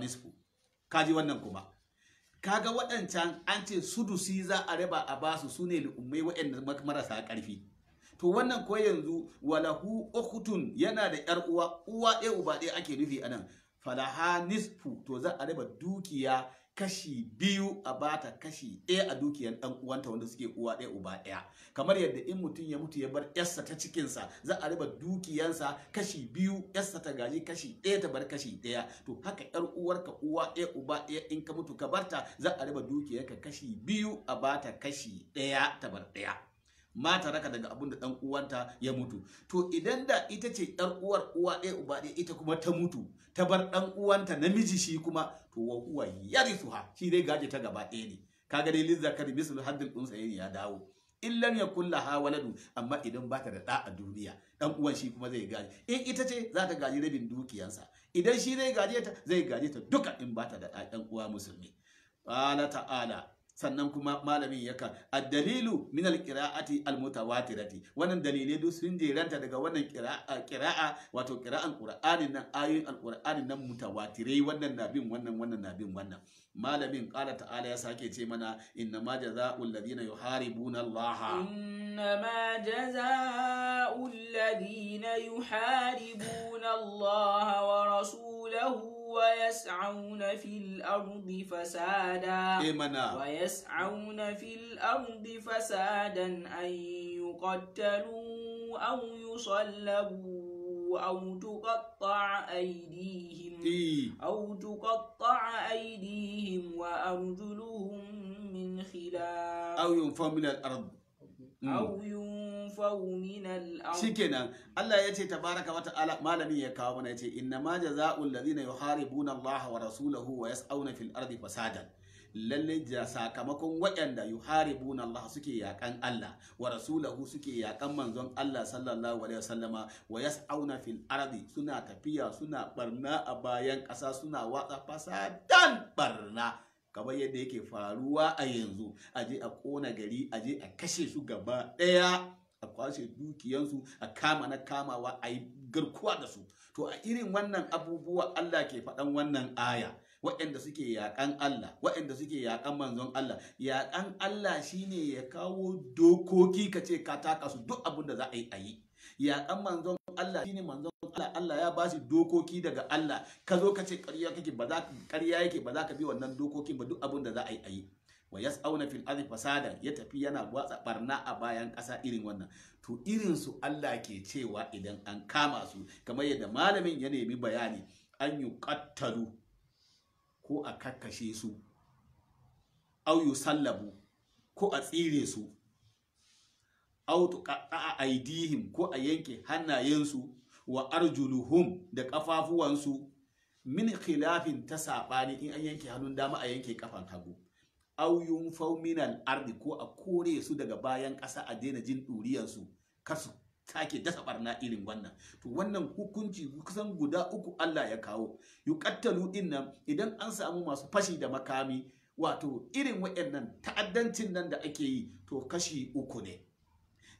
kaji wannan kuma kaga waɗancan an ce sudusi za a raba a basu sune lu'ummai waɗanda marasa ƙarfi to wannan ko yanzu walahu okutun yana da yar uwa uwa ɗaya uba ɗaya ake nufi anan falaha nisfu to za a raba dukiya kashi biyu a bata kashi ɗaya a dukiyar ɗan uwanta wanda suke uwa ɗaya uba ɗaya kamar yadda in mutum ya mutu ya bar yarsa ta cikinsa za a raba dukiyansa kashi biyu yarsa ta gaji kashi ɗaya ta bar kashi ɗaya to haka yar uwarka uwa ɗaya uba ɗaya in ka mutu ka barta za a raba dukiyarka kashi biyu a bata kashi ɗaya ta bar ɗaya ma raka daga abin da dan uwanta ya mutu to idan da ita ce dan uwar uwa ɗaya uba ɗaya ita kuma ta mutu ta bar dan uwanta namiji shi kuma to wa huwa ha shi dai gaje ta gaba ɗaya ne kaga dai lil zakari mislu haddil unsayin ya dawo illan ya kulla ha waladu amma idan ba da da a duniya dan uwan shi kuma zai gaji in ita ce za ta gaji rabin dukiyansa idan shi zai gaje ta zai gaje ta duka in ba ta da dan uwa musulmi qala ta'ala sannan kuma malamin yakan a dalilu min al almutawatirati wannan dalilai duk sun jeranta daga wannan qira'a wato qira'an qur'anin nan ayoyin al nan mutawatirai wannan nabin wannan wannan nabin wannan malamin qala ta'ala ya sake ce mana inna ma jazaa'ul ladina yuharibuna Allah inna ma jazaa'ul ladina yuharibuna Allah wa rasulahu ويسعون في الأرض فسادا ويسعون في الأرض فسادا أن يقتلوا أو يصلبوا أو تقطع أيديهم أو تقطع أيديهم وأرجلهم من خلاف أو ينفوا من الأرض Mm. shikenan Allah ya ce tabaraka wata ala. malamin ya kawo mana ya ce inna ma jazaa'ul ladina yuharibuna Allah wa rasulahu wa yas'auna fil ardi fasadan lalle sakamakon wayanda yuharibuna Allah suke yakan Allah wa rasulahu suke yakan manzon Allah sallallahu alaihi wasallama wa yas'auna fil ardi suna tafiya suna barna a bayan ƙasa suna watsa fasadan barna kamar yadda yake faruwa a yanzu a je a kona gari aje a kashe su gaba ɗaya a kwashe dukiyansu a kama na kamawa a yi garkuwa da su to a irin wannan abubuwa Allah ke faɗan wannan aya waɗanda suke yaƙan Allah waɗanda suke yaƙan manzon Allah yaƙan Allah shine ya kawo dokoki ka ce ka taka su duk abin da za a yi a yi yaƙan manzon Allah shine manzon Allah Allah ya bashi dokoki daga Allah ka zo ka ce ƙarya yake ba za ka bi wannan dokokin ba duk abin da za a yi a yi wa yas'auna fil ardi fasada ya tafi yana watsa barna a bayan ƙasa irin wannan to irin su Allah ke cewa idan an kama su kamar yadda malamin ya nemi bayani an yi kattalu ko a kakkashe su au sallabu ko a tsire su Auto a aidihim ko a yanke hannayensu wa arjuluhum da kafafuwansu min khilafin ta saɓani in an yanke hannun dama a yanke kafan hagu auyun fauminal ardi ko a kore su daga bayan ƙasa a daina jin ɗuriyarsu kasu take dasa barna irin wannan to wannan hukunci kusan guda uku Allah ya kawo yuqattalu inna idan an samu masu fashi da makami wato irin waɗannan ta'addancin nan da ake yi to kashi uku ne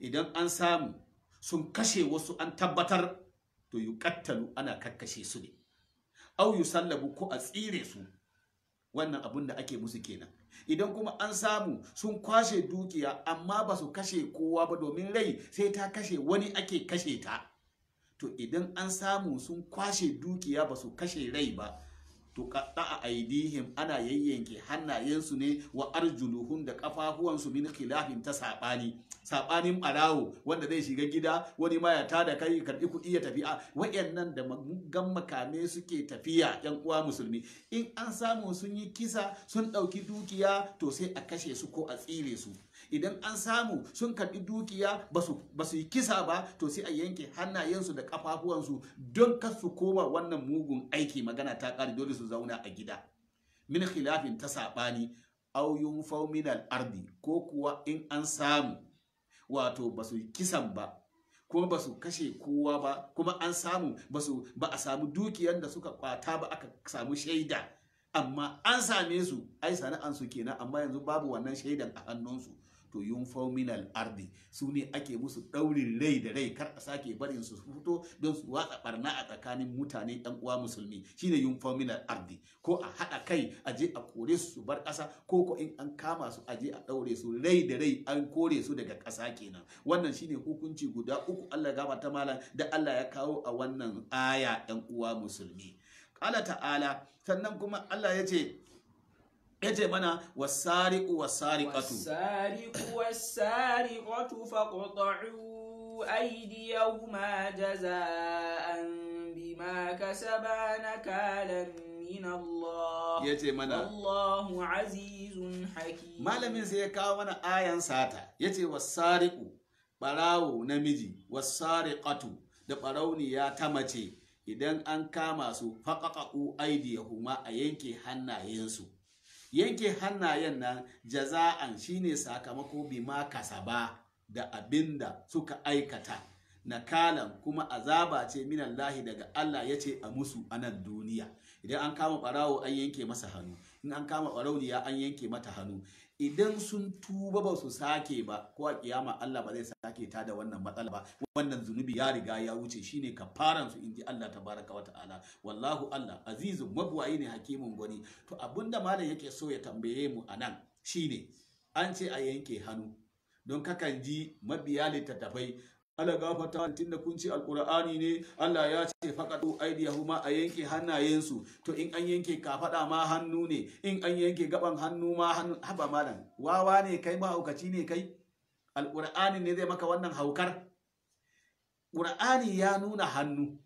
idan an samu sun kashe wasu an tabbatar to kattalu ana kakkashe su ne au sallabu ko a tsire su wannan abun da ake musu kenan idan kuma an samu sun kwashe dukiya amma ba su kashe kowa ba domin rai sai ta kashe wani ake kashe ta to idan an samu sun kwashe dukiya ba su kashe rai ba to kaɗa a aidihim ana yayyanke hannayensu ne wa arjuluhun da kafafuwansu min khilafin ta saɓani sabanin alawo wanda zai shiga gida wani ma ya tada kai karbi kuɗi ya tafi wayannan da gan makame suke tafiya yan uwa musulmi in an samu sun yi kisa sun dauki dukiya to sai a kashe su ko a tsire su idan an samu sun karbi dukiya ba su yi kisa ba to sai a yanke hannayensu da kafafuwansu don kar su koma wannan mugun aiki magana ta kare dole su zauna a gida min khilafin ta saɓani auyun fauminal ardi ko kuwa in an samu wato ba su kisan ba kuma ba su kashe kowa ba kuma an samu ba su ba a samu dukiyar da suka kwata ba aka samu shaida amma an same su ai sana'ansu kenan amma yanzu babu wannan shaidan a hannunsu to yun fominal ardi su ne ake musu daurin rai da rai kar a sake barin su fito don su watsa barna a tsakanin mutane ɗan uwa musulmi shine yun fominal ardi ko a haɗa kai a je a kore su bar ƙasa ko ko in an kama su a je a ɗaure su rai da rai an kore su daga ƙasa kenan wannan shine hukunci guda uku Allah ya ta malam da Allah ya kawo a wannan aya ɗan uwa musulmi qala ta'ala sannan kuma Allah ya ce yace mana wasariqu wasariqatu wasariqu wasariqatu faqta'u aydiyahuma jazaan bima kasaba kalan min Allah yace mana Allahu azizun hakim malamin sai ya kawo mana ayan sata yace wasariƙu barawo namiji wasariqatu da ɓarauniya ta mace idan an kama su faqaqu aydiyahuma a yanke hannayensu yanke hannayen nan jaza'an shine sakamako bima ba da abinda suka aikata nakalan kuma azaba ce lahi daga Allah ya ce a musu a nan duniya idan an kama barawo an yanke masa hannu in an kama ɓarauniya, an yanke mata hannu idan sun tuba ba su sake ba ko a kiyama Allah ba zai sake ta da wannan matsala ba wannan zunubi ya riga ya wuce shine kafaran su inji Allah tabaraka wa ta'ala wallahu Allah azizun mabwayi ne hakimin gwani to da malam yake so ya tambaye mu anan shine an ce a yanke hannu don kakan ji mabiya littattafai ala gafata tun da kun ce alkur'ani ne Allah ya ce aidiya aydiyahuma a yanke hannayensu to in an yanke kafaɗa ma hannu ne in an yanke gaban hannu ma hannu haba malam wawa ne kai ma haukaci ne kai alkur'ani ne zai maka wannan haukar kur'ani ya nuna hannu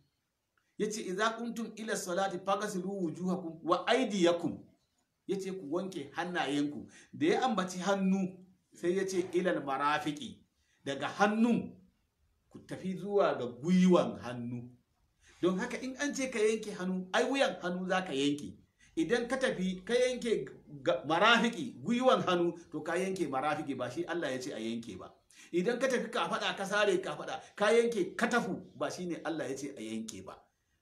Ya yace iza kuntum ila salati faqasilu wujuhakum wa Ya ce ku wanke hannayenku da ya ambaci hannu sai ya ce ilal marafiki daga hannun ku tafi zuwa ga gwiwan hannu don haka in an ce ka yanke hannu ai wuyan hannu za ka yanke idan ka tafi ka yanke marafiki gwiwan hannu to ka yanke marafiki ba shi Allah ya ce a yanke ba idan ka tafi ka faɗa ka sare ka faɗa ka yanke katafu ba shi ne Allah ya ce a yanke ba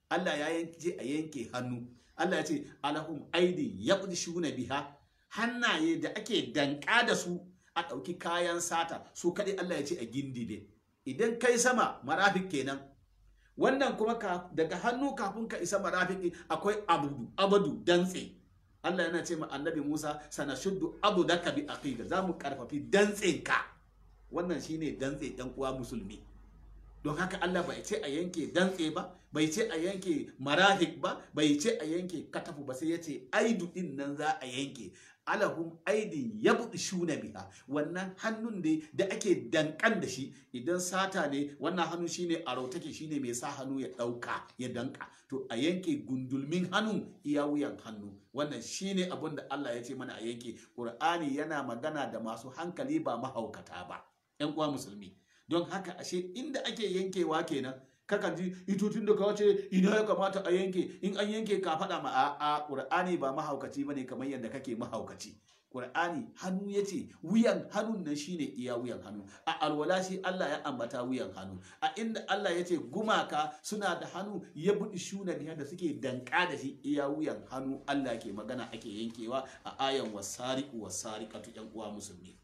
Allah ya yanke a yanke hannu Allah ya ce alahum aidi yaqdishuna biha hannaye da ake danka da su a ɗauki kayan sata su kaɗai Allah ya ce a ne idan kai sama marafik kenan wannan kuma daga hannu kafin ka isa marafiki akwai abudu abadu dantse Allah yana ce ma annabi Musa sana shuddu abu ka bi aqiqa za mu karfafi ka. wannan shine dantse dan uwa musulmi don haka Allah bai ce a yanke dantse ba bai ce a yanke marahik ba bai ce a yanke katafu ba sai ya ce aidu din nan za a yanke alahum aidin shuna biha wannan hannun ne da ake dankan da shi idan sata ne wannan hannu shine aro take shine mai sa hannu ya ɗauka ya danka to a yanke gundulmin hannu iya wuyan hannu wannan shine abin da Allah ya ce mana a yanke ƙur'ani yana magana da masu hankali ba mahaukata ba 'yan uwa musulmi don haka ashe inda ake yankewa kenan kaka ji itutun da ka wace ina ya kamata a yanke in an yanke ka faɗa ma a qur'ani ba mahaukaci bane kamar yadda kake mahaukaci Qur'ani hannu ya ce wuyan hannun nan shine iya wuyan hannu a alwala shi Allah ya ambata wuyan hannu a inda Allah ya ce gumaka suna da hannu ya buɗi shuna ne da suke danka da shi iya wuyan hannu Allah ke magana ake yankewa a ayan Wasariku wasariqatu yan uwa musulmi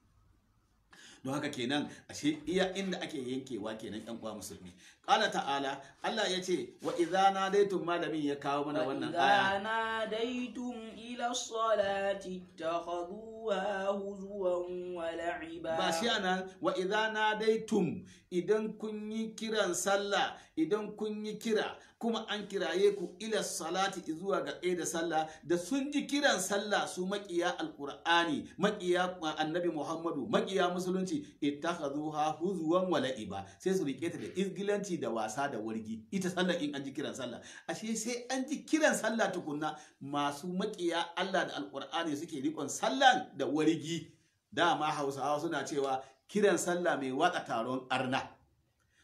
don haka kenan ashe iya inda ake yankewa kenan ɗan uwa musulmi ƙala ta'ala Allah ya ce wa idza nadaitum malamin ya kawo mana wannan aya wa idza nadaitum ila salati takhuduha huzwan wa la'iba ba shi anan wa idza nadaitum idan kun yi kiran sallah idan kun yi kira kuma an kiraye ku ila salati zuwa ga da sallah da sun ji kiran sallah su makiya alƙur'ani makiya ah, annabi muhammadu maƙiya musulunci ittakhadhuha huzwan wa la'iba sai su riƙe ta da izgilanci da wasa da wargi ita sallah in an ji kiran sallah ashe sai an ji kiran sallah tukunna masu maƙiya Allah da Alƙur'ani suke rikon sallah da wargi dama hausawa suna cewa kiran sallah mai watsa taron arna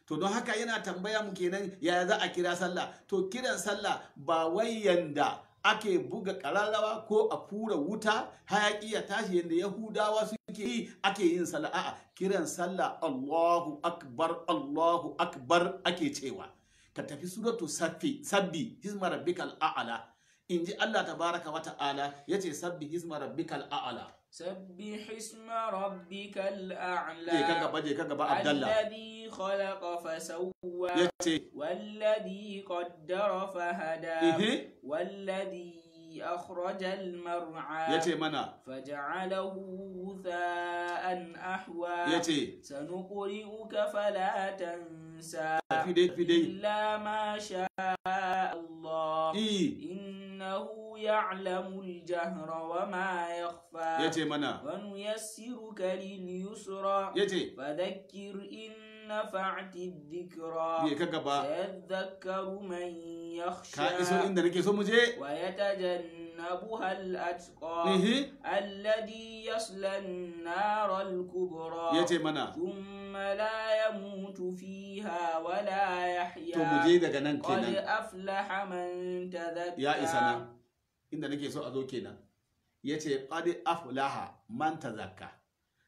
to don haka yana tambaya mu kenan ya za a kira sallah to kiran sallah ba wai yanda ake buga kararrawa ko a fura wuta hayaki ya tashi yanda yahudawa suke yi ake yin sallah a'a kiran sallah Allahu akbar Allahu akbar ake cewa ka tafi suratu safi sabbi hisma rabbikal a'la inji Allah tabaraka wa ta'ala yace sabbi hisma rabbikal a'la سبح اسم ربك الأعلى إيه، الذي خلق فسوى والذي قدر فهدى إيه. والذي أخرج المرعى فجعله غثاء أحوى سنقرئك فلا تنسى إلا ما شاء الله إيه. innahu ya'lamu al-jahra wa ma yakhfa yace mana wa nuyassiruka lil yusra yace fadhakkir in نفعت الذكرى يا كغبا يذكر من يخشى كا اسو inda nake so muje wa yatajalla يصلبها الأتقى الذي يصلى النار الكبرى ثم لا يموت فيها ولا يحيا قد أفلح من تذكى يا إسانا إن نكي سوء ذوكينا يتي قد أفلح من تذكى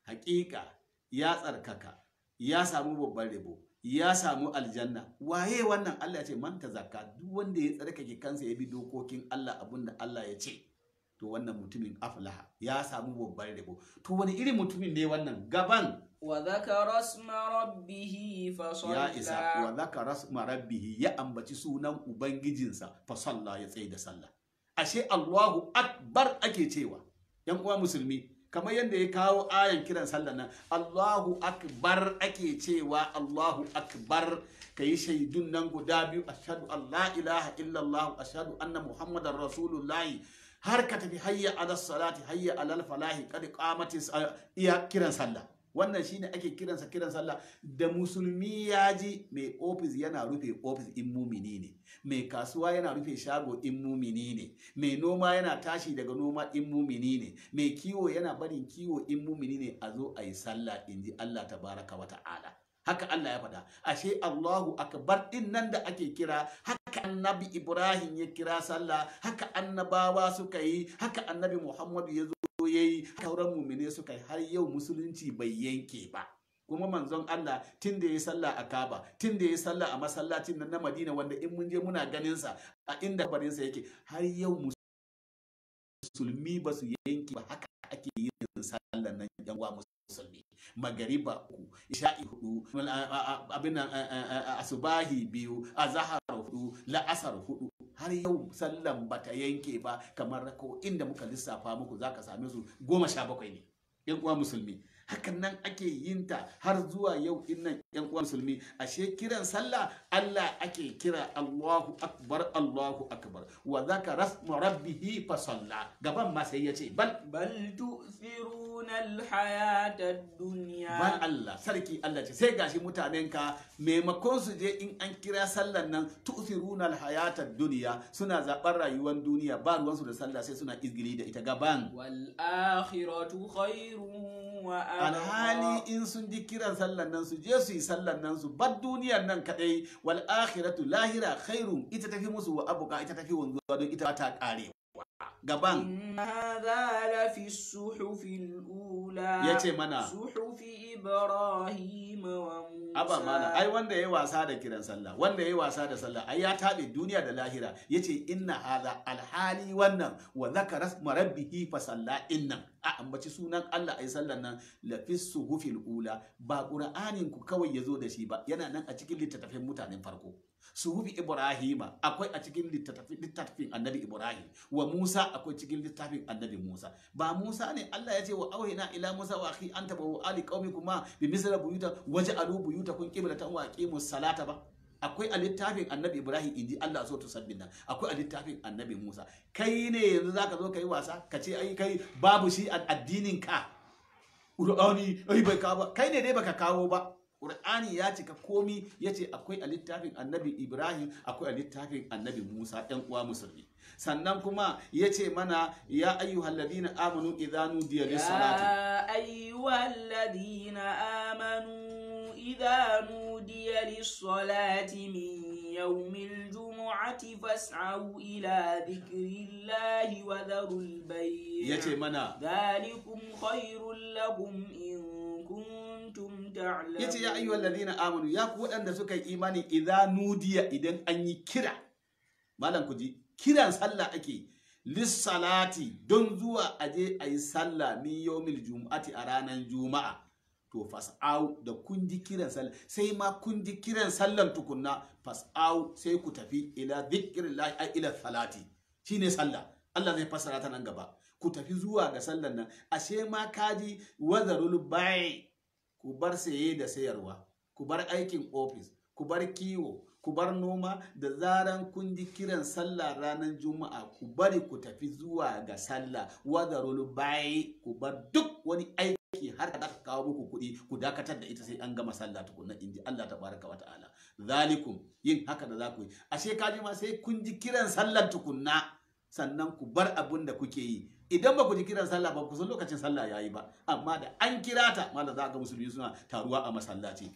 حقيقة يا tsarkaka يا سامو babban ya samu aljanna waye wannan Allah ya ce man tazakka duk wanda ya tsarkake kansa ya bi dokokin Allah abinda Allah ya ce to wannan mutumin aflaha ya samu babban rabo to wani irin mutumin ne wannan gaban wa zakara sma rabbih fa ya isa wa zakara rabbih ya ambaci sunan ubangijinsa fa salla ya tsaye da sallah ashe Allahu akbar ake cewa yan uwa musulmi kamar yadda ya kawo ayan kiran sallar nan Allahu akbar ake cewa Allahu akbar ka yi shaidun nan guda biyu ashadu an la ilaha illallah ashadu anna muhammadan rasulullahi har ka tafi hayya ala salati hayya alal falahi qad qamatis iya kiran sallah wannan shine ake kiransa kiran sallah da musulmi ya ji mai ofis yana rufe ofis in mumini ne mai kasuwa yana rufe shago in mumini ne mai noma yana tashi daga noma in mumini ne mai kiwo yana barin kiwo in mumini ne a zo a yi sallah in ji Allah tabaraka wa ta'ala haka Allah ya faɗa ashe Allahu akbar din nan da ake kira haka annabi Ibrahim ya kira sallah haka annabawa suka yi haka annabi Muhammadu ya zo ya yi kauran mumine suka har yau musulunci bai yanke ba kuma manzon Allah tun da ya sallah a Kaaba tun da ya sallah a masallacin nan na Madina wanda in mun je muna ganin sa a inda barin sa yake har yau musulmi ba su yanke ba haka ake yin sallar nan yan wa musulmi magariba uku isha'i hudu abin asubahi biyu azhar hudu la'asar hudu har yau sallan ba ta yanke ba kamar ko inda muka lissafa muku za ka same su goma sha bakwai ne yan uwa musulmi hakan nan ake yin ta har zuwa yau innan yan uwa musulmi ashe kiran sallah Allah ake kira Allahu akbar Allahu akbar wa zakara isma rabbihi fa salla gaban ma sai yace bal bal tu'thiruna al ad-dunya bal Allah sarki Allah ce sai gashi mutanen ka maimakon su je in an kira sallan nan tu'thiruna al dunya suna zabar rayuwar duniya ba ruwan su da sallah sai suna izgili da ita gaban wal akhiratu khairun wa alhali in sun ji kiran sallan nan su je su yi sallan nan su bar duniyar nan kadai wal akhiratu lahira khairun ita tafi musu wa abuka ita tafi wanzuwa don ita ta karewa gaban ya ce mana abba mana ai wanda ya yi wasa da kiran sallah wanda ya wasa da sallah ai ya taɓe duniya da lahira ya ce inna haza alhali wannan wa zakara marabbihi fa salla innan a ambaci sunan Allah ai sallan nan lafi suhufil ula ba qur'anin ku kawai zo da shi ba yana nan a cikin littattafin mutanen farko suhufi ibrahima akwai a cikin littafin annabi ibrahim wa musa akwai cikin littafin annabi musa ba musa ne allah ya ce wa auhina ila musa wa akhi anta wa ali kuma bi misra buyuta kun kibla qiblatan wa aqimus salata ba akwai a littafin annabi ibrahim inji allah so sabbin nan akwai a littafin annabi musa kai ne yanzu zaka zo kai wasa ka ce ai kai babu shi addinin ka ai bai kawo ba kai ne dai baka kawo ba ƙur'ani ya cika komi yace akwai a littafin Annabi Ibrahim akwai a littafin Annabi Musa ɗan uwa musulmi sannan kuma yace mana ya na amanu idanu diyali salati ya na amanu idanu diyali salati min yawmil jumu'ati fas'au ila lahi wa dharul ya yace mana dhalikum khairun lakum in kuntum ta'lamun yace ya ayyuhal ladina amanu ya ku waɗanda suka yi imani idza nudiya idan an yi kira malam kuji kiran sallah ake salati don zuwa aje ayi sallah min yawmil jumu'ati a ranar juma'a to fas'au da kun ji kiran sallah sai ma kun ji kiran sallan tukunna fas'au sai ku tafi ila dhikrillahi ila salati shine sallah Allah zai fassara ta nan gaba ku tafi zuwa ga sallar nan ashe ma kaji wazarul bai ku bar saye da sayarwa ku bar aikin ofis ku bar kiwo ku bar noma da zaran kun ji kiran sallah ranar juma'a ku bari ku tafi zuwa ga sallah wazarul bai ku bar duk wani aiki har da aka kawo muku kuɗi ku dakatar da ita sai an gama sallah tukunna inji Allah tabaraka wa ta'ala zalikum yin haka da zaku yi ashe kaji ma sai kun ji kiran sallar tukunna sannan ku bar abin da kuke yi idan ba ku ji kiran sallah ba ku san lokacin sallah yayi ba amma da an kira ta mallan za ga musulmi suna taruwa a masallaci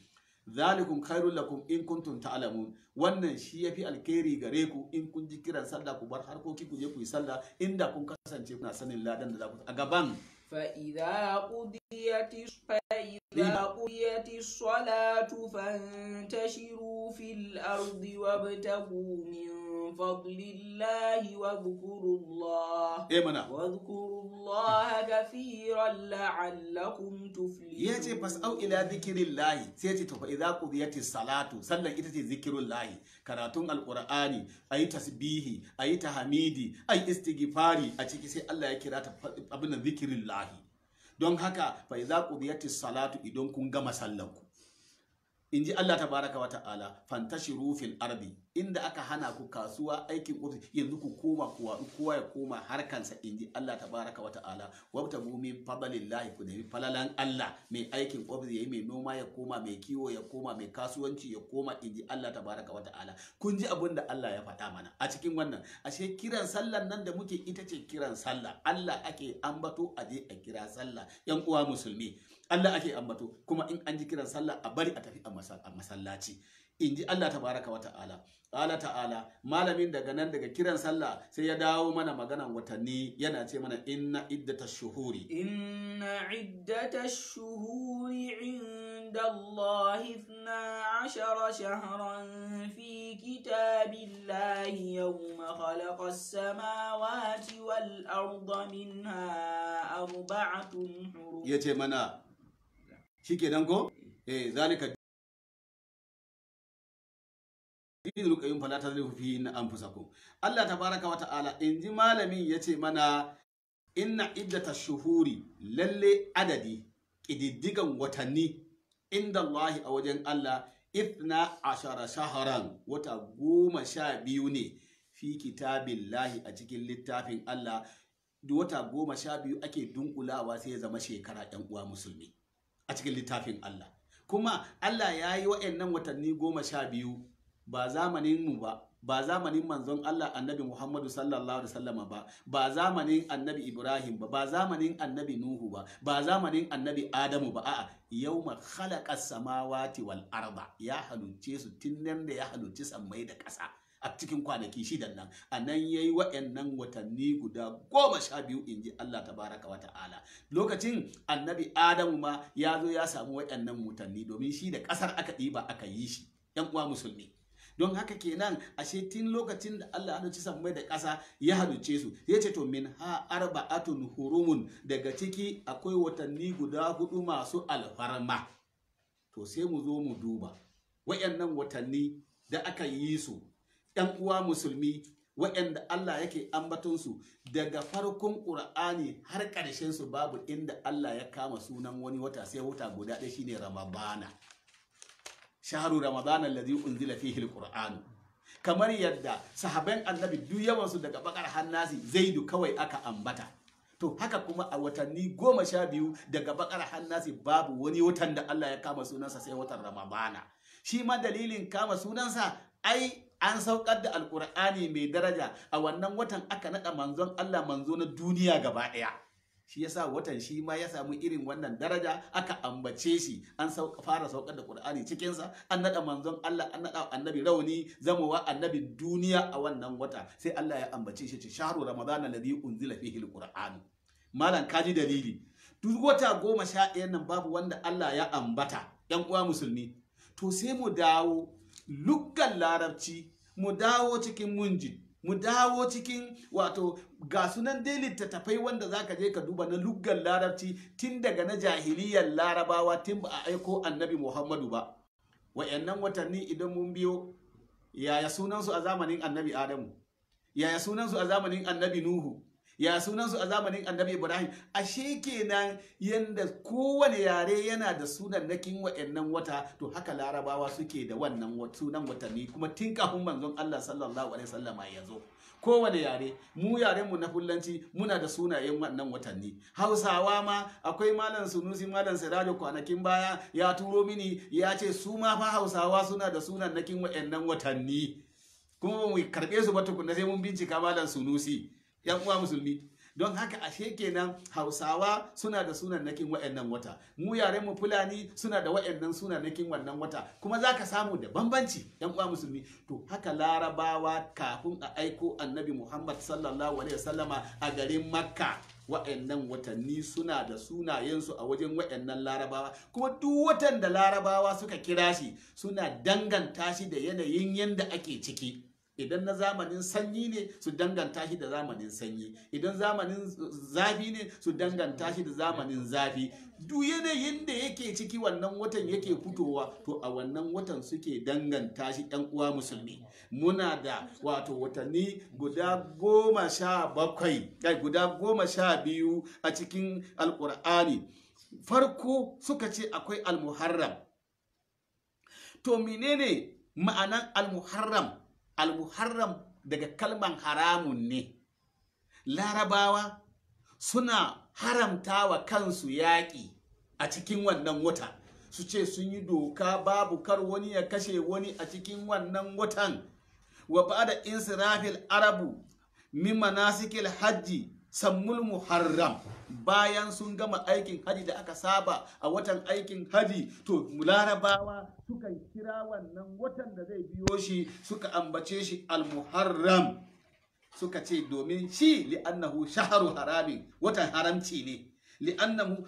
zalikum khairul lakum in kuntum ta'lamun wannan shi yafi alkhairi gare ku in kun ji kiran sallah ku bar harkoki ku je ku yi sallah inda kun kasance kuna sanin ladan da za ku a gaban fa idza qudiyatish فإذا قضيت الصلاة فانتشروا في الأرض وابتغوا من فضل الله واذكروا الله واذكروا الله كثيرا لعلكم تفلحون يأتي بس أو إلى ذكر الله سيأتي تفا إذا قضيت الصلاة صلى إتتي ذكر الله كراتون القرآن أي تسبيه أي تحميدي أي استغفاري أتيكي سي الله يكرات أبنى ذكر الله don haka fa idza qudiyatis salatu idan kun gama sallanku in ji Allah ta baraka wa ta'ala fantashi rufin ardi inda aka hana ku kasuwa aikin ofis yanzu ku koma kowa kowa ya koma harkansa in ji Allah ta baraka wa ta'ala wabta min lahi ku nemi falalan Allah mai aikin ofis ya yi mai noma ya koma mai kiwo ya koma mai kasuwanci ya koma in ji Allah ta baraka wa ta'ala kun ji abin da Allah ya fata mana a cikin wannan ashe kiran sallah nan da muke ita ce kiran sallah Allah ake ambato a je a kira sallah yan uwa musulmi Allah ake ambato kuma in an ji kiran sallah a bari a tafi a masallaci in ji Allah ta wa ta'ala Allah ta'ala malamin daga nan daga kiran sallah sai ya dawo mana maganan watanni yana ce mana inna iddata shuhuri inna iddata shuhuri inda Allah ashara shahran fi kitabillahi yawma khalaqas samawati wal arda minha arba'atun hurum yace mana don ko eh zalika idul qayyim na an fusa ku Allah baraka wa ta'ala inji malamin yace mana inna iddata shuhuri lalle adadi ƙididdigan watanni inda Allah a wajen Allah ifna ashara shaharan wata goma sha biyu ne fi kitabin lahi a cikin littafin Allah wata goma sha biyu ake dunkulawa sai ya zama shekara ‘yan uwa musulmi. a cikin littafin Allah kuma Allah ya yi wa'annan watanni goma sha biyu ba zamanin ba ba zamanin manzon Allah annabi Muhammadu sallallahu alaihi sallama ba ba zamanin annabi Ibrahim ba ba zamanin annabi Nuhu ba ba zamanin annabi Adamu ba a'a ma khalaqa samawati wal arda ya halucce su tun nan da ya haluci sammai da ƙasa a cikin kwanaki shidan nan a nan ya yi nan watanni guda goma sha biyu in ji Allah ta tabaraka wa ta'ala lokacin annabi adamu ma ya zo ya samu nan watanni domin shi da ƙasar aka ɗiba aka yi shi yan uwa musulmi don haka kenan a tun lokacin da Allah halicci mai da ƙasa ya halucce su ya ce to min ha atun hurumun daga ciki akwai watanni guda hudu masu alfarma to sai mu zo mu duba wayannan watanni da aka yi su 'yan uwa musulmi waɗanda Allah yake ambatonsu daga farkon ƙur'ani har ƙarshen su babu inda Allah ya kama sunan wani wata sai wata guda ɗaya shine Ramadana shaharu Ramadana allazi unzila fihi alqur'anu kamar yadda sahaban annabi duk yawansu daga bakar hannasi zai du kawai aka ambata to haka kuma a watanni goma sha biyu daga bakar hannasi babu wani watan da Allah ya kama sunansa sai watan Ramadana shi ma dalilin kama sunansa ai an saukar da alkur'ani mai daraja a wannan watan aka naɗa manzon Allah manzo na duniya gaba ɗaya shi yasa watan shi ma ya samu irin wannan daraja aka ambace shi an fara saukar da Qur'ani cikin sa an naɗa manzon Allah an nada annabi rauni zamowa annabi duniya a wannan wata sai Allah ya ambace shi ce shahru ramadan alladhi unzila fihi alquran malan kaji dalili duk wata goma sha ɗaya nan babu wanda Allah ya ambata yan uwa musulmi to sai mu dawo lukkan larabci mu dawo cikin munjin mu dawo cikin wato ga sunan dai littattafai wanda za ka je ka duba na luggan larabci tun daga na jahiliyar larabawa tun ba a aiko annabi muhammadu ba wa'annan watanni idan mun biyo yaya sunansu a zamanin annabi adamu yaya sunansu a zamanin annabi nuhu ya sunansu a zamanin annabi ibrahim ashe nan yadda kowane yare yana da sunan nakin wa'annan wata to haka larabawa suke da wannan sunan watanni kuma tun kafin manzon allah sallallahu alaihi wasallama ya zo kowane yare mu yaren mu na fullanci muna da sunayen wannan watanni hausawa ma akwai malam sunusi malam sirajo kwanakin baya ya turo mini ya ce su ma fa hausawa suna da sunan nakin wa'annan watanni kuma ba mu karbe su ba tukunna sai mun bincika malam sunusi yan uwa musulmi don haka ashe kenan hausawa suna da sunan nakin wa'annan wata mu yaren mu fulani suna da wa'annan nakin wannan wata kuma zaka samu da bambanci yan uwa musulmi to haka larabawa kafin a aiko annabi muhammad sallallahu alaihi wasallama a garin makka wa'annan watanni suna da sunayensu a wajen wa'annan larabawa kuma duk watan da larabawa suka kira shi suna danganta shi da yanayin yanda ake ciki idan na zamanin sanyi ne su danganta shi da zamanin sanyi idan zamanin zafi ne su danganta shi da zamanin zafi duk yanayin da yake ciki wannan watan yake fitowa to a wannan watan suke danganta shi ɗan uwa musulmi muna da wato watanni guda goma sha bakwai guda goma sha biyu a cikin alƙur'ani farko suka ce akwai almuharram to menene ma'anan almuharram al muharram daga kalman haramun ne larabawa suna haramtawa kansu yaƙi a cikin wannan wata su ce sun yi doka babu kar wani ya kashe wani a cikin wannan watan wa da insirafil arabu min manasikil hajji sammul muharram bayan sun gama aikin haji da aka saba a watan aikin haji to larabawa suka kira wannan watan da zai biyo shi suka ambace shi al-muharram suka ce domin shi li'annahu shaharu haramin watan haramci ne li'annahu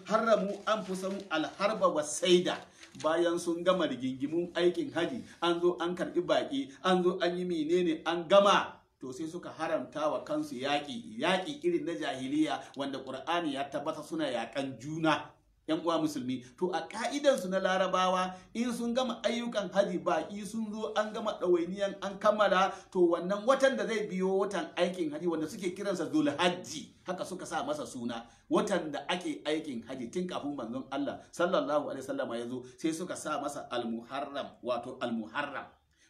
an fusan al-harba wa saida bayan sun gama rigingimun aikin haji an zo an karbi baki an zo an yi menene an gama to sai suka haramta wa kansu yaƙi yaƙi irin na jahiliya wanda ƙur'ani ya tabbata suna yaƙan juna yan uwa musulmi to a ka'idansu na larabawa in sun gama ayyukan haji baƙi sun zo an gama ɗawainiyan an kammala to wannan watan da zai biyo watan aikin haji wanda suke kiransa zulhajji haka suka sa masa suna watan da ake aikin haji tun kafin manzon Allah sallallahu alaihi sallama ya zo sai suka sa masa almuharram wato almuharram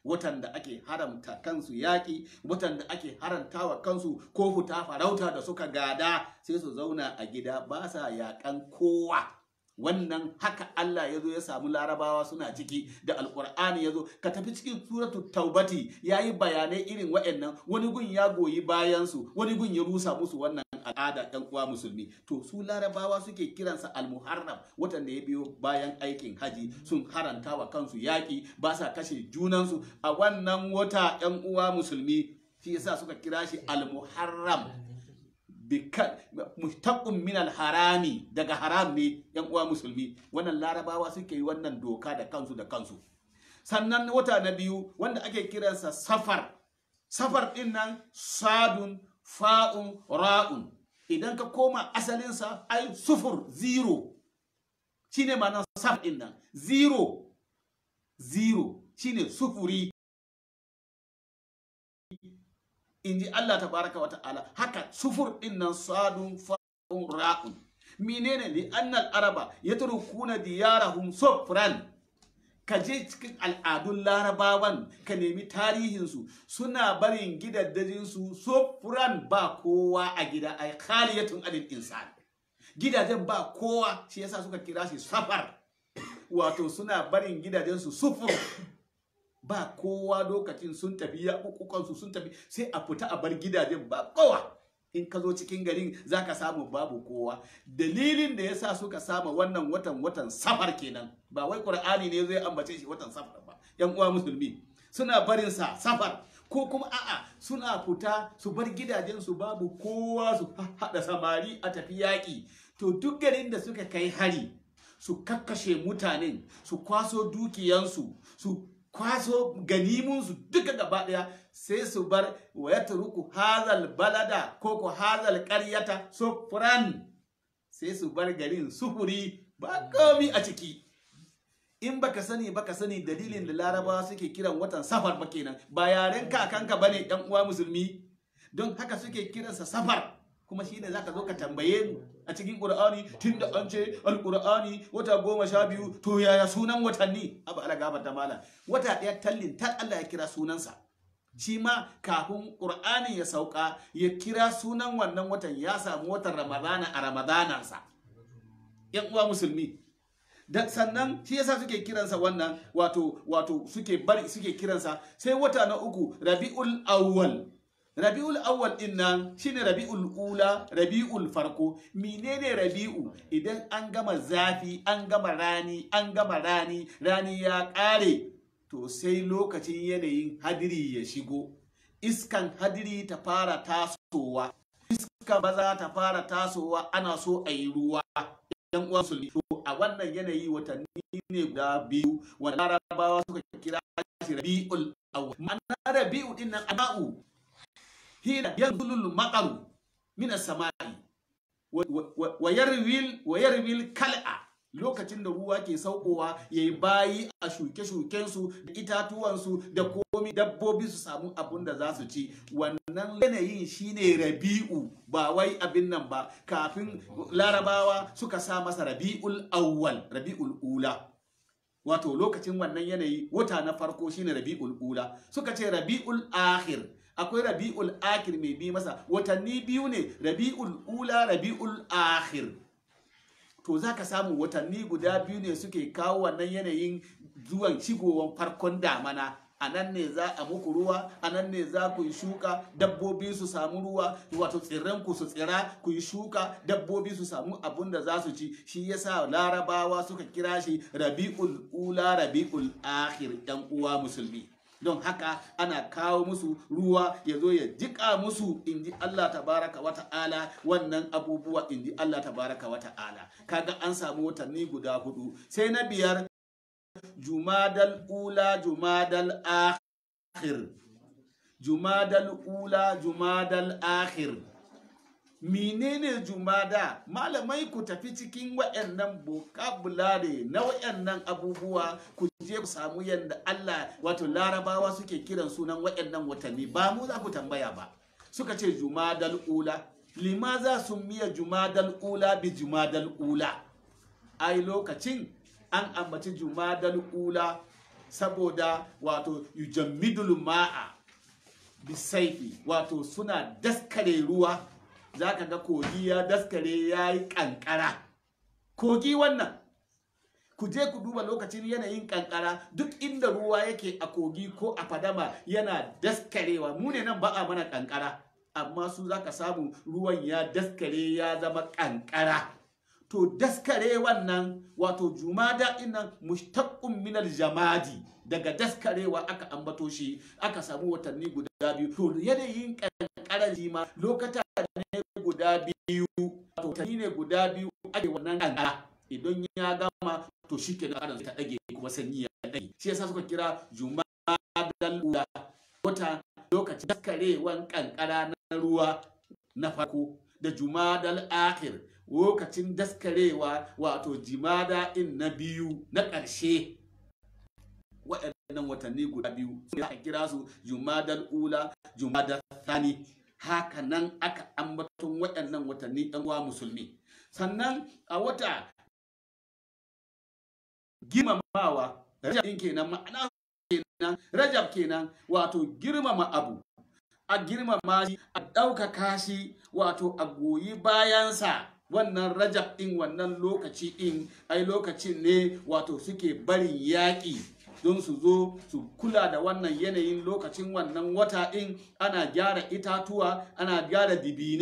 watanda ake haramta kansu yaƙi watanda ake harantawa kansu ko fita farauta da suka gada sai su zauna a gida ba sa yaƙan kowa wannan haka Allah ya zo ya samu larabawa suna ciki da alkur'ani ya zo ka tafi cikin suratu taubati ya yi bayanai irin wa'annan wani gun ya goyi bayansu wani gun ya rusa musu wannan al'ada ɗan uwa musulmi to su larabawa suke kiransa almuharram watan da ya biyo bayan aikin haji sun haranta wa kansu yaƙi ba sa kashe junansu a wannan wata ɗan uwa musulmi shi yasa suka kira shi almuharram muhtaqqun min harami daga haram ne yan uwa musulmi wannan larabawa suke yi wannan doka da kansu da kansu sannan wata na biyu wanda ake kiransa safar safar din nan sadun fa'un ra'un idan ka koma asalinsa ai sufur zero shine nan safar din nan zero zero shine sufuri in ji Allah ta baraka wa ta'ala haka sufur din nan sadun fa'un ra'un menene li annal araba yatrukuna diyarahum sufran ka je cikin al'adun larabawan ka nemi tarihinsu suna barin gidajensu sufran ba kowa a gida ai khaliyatun adil insan gidajen ba kowa shi yasa suka kira shi safar wato suna barin gidajensu sufur ba kowa lokacin sun tafi ya kukukansu sun tafi sai a fita a bar gidajen ba kowa in ka zo cikin garin za ka samu babu kowa dalilin da ya sa suka sama wannan watan watan safar kenan ba wai ƙur'ani ne zai ambace shi watan safar ba yan uwa musulmi suna barin sa safar ko kuma a'a suna fita su bar gidajen su babu kowa su haɗa samari a tafi yaƙi to duk garin da suka kai hari su kakkashe mutanen su kwaso dukiyansu su kwaso ganimunsu duka gaba daya sai su bar wa ya hazal balada ko ko hazal karyata sufran sai su bar garin sufuri ba komi a ciki in baka sani baka sani dalilin da larabawa suke kiran watan safar ba kenan ba yaren kakanka bane yan uwa musulmi don haka suke kiransa safar kuma shi ne zaka zo ka tambaye mu a cikin qur'ani tunda an ce Al-Qur'ani, wata goma sha biyu to yaya sunan watanni abu ala gaba ta mala wata ɗaya tallin ta Allah ya kira sunansa shi ma kafin qur'ani ya sauka ya kira sunan wannan watan ya samu watan ramadana a ramadanansa yan uwa musulmi da sannan shi yasa suke kiransa wannan wato wato suke bari suke kiransa sai wata na uku rabiul awwal rabi'ul awwal din shine rabi'ul ula rabi'ul farko menene rabi'u idan an gama zafi an gama rani an gama rani rani ya kare to sai lokacin yanayin hadiri ya shigo iskan hadiri ta fara tasowa iska maza ta fara tasowa ana so a yi ruwa yan uwan to a wannan yanayi watanni ne guda biyu wanda larabawa suka kira shi rabi'ul awwal ma'ana rabi'u din nan ana'u hina yanzulul maqaru min as-sama'i wa yarwil wa yarwil kal'a lokacin da ruwa ke saukowa yayi bayi a shuke-shukensu da itatuwansu da komi dabbobi su samu abin da za su ci wannan yanayin shine rabi'u ba wai abin nan ba kafin larabawa suka sa masa rabi'ul awwal rabi'ul ula wato lokacin wannan yanayi wata na farko shine rabi'ul ula suka ce rabi'ul akhir akwai rabi'ul akhir mai bi masa watanni biyu ne rabi'ul ula rabi'ul akhir to zaka samu watanni guda biyu ne suke kawo wannan yanayin zuwan shigowan farkon damana a nan ne za a muku ruwa a nan ne za ku yi shuka dabbobi su samu ruwa wato tsirran ku su tsira ku yi shuka dabbobi su samu abun da za su ci shi yasa larabawa suka kira shi rabi'ul ula rabi'ul akhir dan uwa musulmi don haka ana kawo musu ruwa ya zo ya jiƙa musu in ji Allah tabaraka wa ta'ala wannan abubuwa in ji Allah tabaraka wa ta'ala kaga an samu watanni guda hudu sai na biyar jumadal ula jumadal akhir jumadal ula jumadal akhir menene jumada malamai ku tafi cikin waɗannan vocabulary na waɗannan abubuwa ku je ku samu yadda Allah wato larabawa suke kiran sunan waɗannan watanni ba mu za ku tambaya ba suka ce jumadal ula za su miya jumadal ula bi jumadal ula ai lokacin an ambaci jumadal ula saboda wato yujammidul ma'a bisaifi wato suna daskare ruwa za ka ga kogi ya daskare ya yi kankara kogi wannan ku je ku duba lokacin yanayin ƙanƙara, duk inda ruwa yake a kogi ko a fadama yana daskarewa mu ne nan ba a mana ƙanƙara. amma su za ka samu ruwan ya daskare ya zama ƙanƙara. to daskare wannan wato jumada inan mushtaqqun min jamadi daga daskarewa aka ambato shi aka samu watanni guda biyu to yanayin kankarar jima lokata ne guda biyu to tani ne guda biyu ake wannan kankara idan ya gama to shi ke nan ta dage kuma sanyi ya dage shi yasa suka kira da ula wata lokacin daskarewan kankara na ruwa na farko da jumadal akhir lokacin daskarewa wato jimada in na biyu na ƙarshe waɗannan watanni guda biyu suna kira su jumadar ula jumadar thani haka nan aka ambaton waɗannan watanni ɗan uwa musulmi sannan a wata girmamawa rajab kenan ma'ana kenan rajab kenan wato girmama abu a girmama shi a ɗaukaka shi wato a goyi bayansa wannan rajab din wannan lokaci din ai lokacin ne wato suke barin yaƙi don su zo su kula da wannan yanayin lokacin wannan wata in, ana gyara itatuwa ana gyara dibine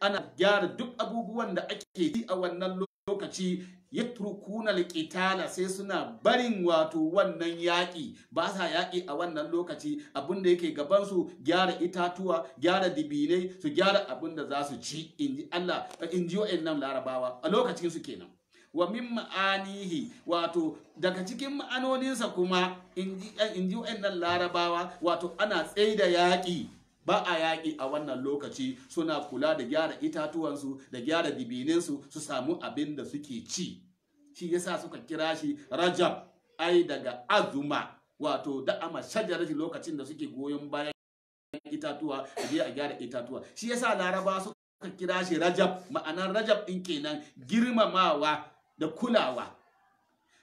ana gyara duk abubuwan da ake yi a wannan lokaci yatrukuna alqitala sai suna barin wato wannan yaƙi ba sa yaƙi a wannan lokaci abinda yake gaban su gyara itatuwa gyara dibinai su gyara abinda za su ci inji Allah inji wa'annan larabawa a lokacin su kenan wa min ma'anihi wato daga cikin ma'anoninsa kuma inji wa'annan larabawa wato ana tsaida yaƙi ba a yaƙi a wannan lokaci suna kula da gyara itatuwansu da gyara dibininsu su samu abin da suke ci shi yasa suka kira shi rajab ai daga azuma wato da'ama shi lokacin da suke goyon bayan itatuwa da je a gyara itatuwa shi yasa laraba suka kira shi rajab ma'anar rajab din kenan girmamawa da kulawa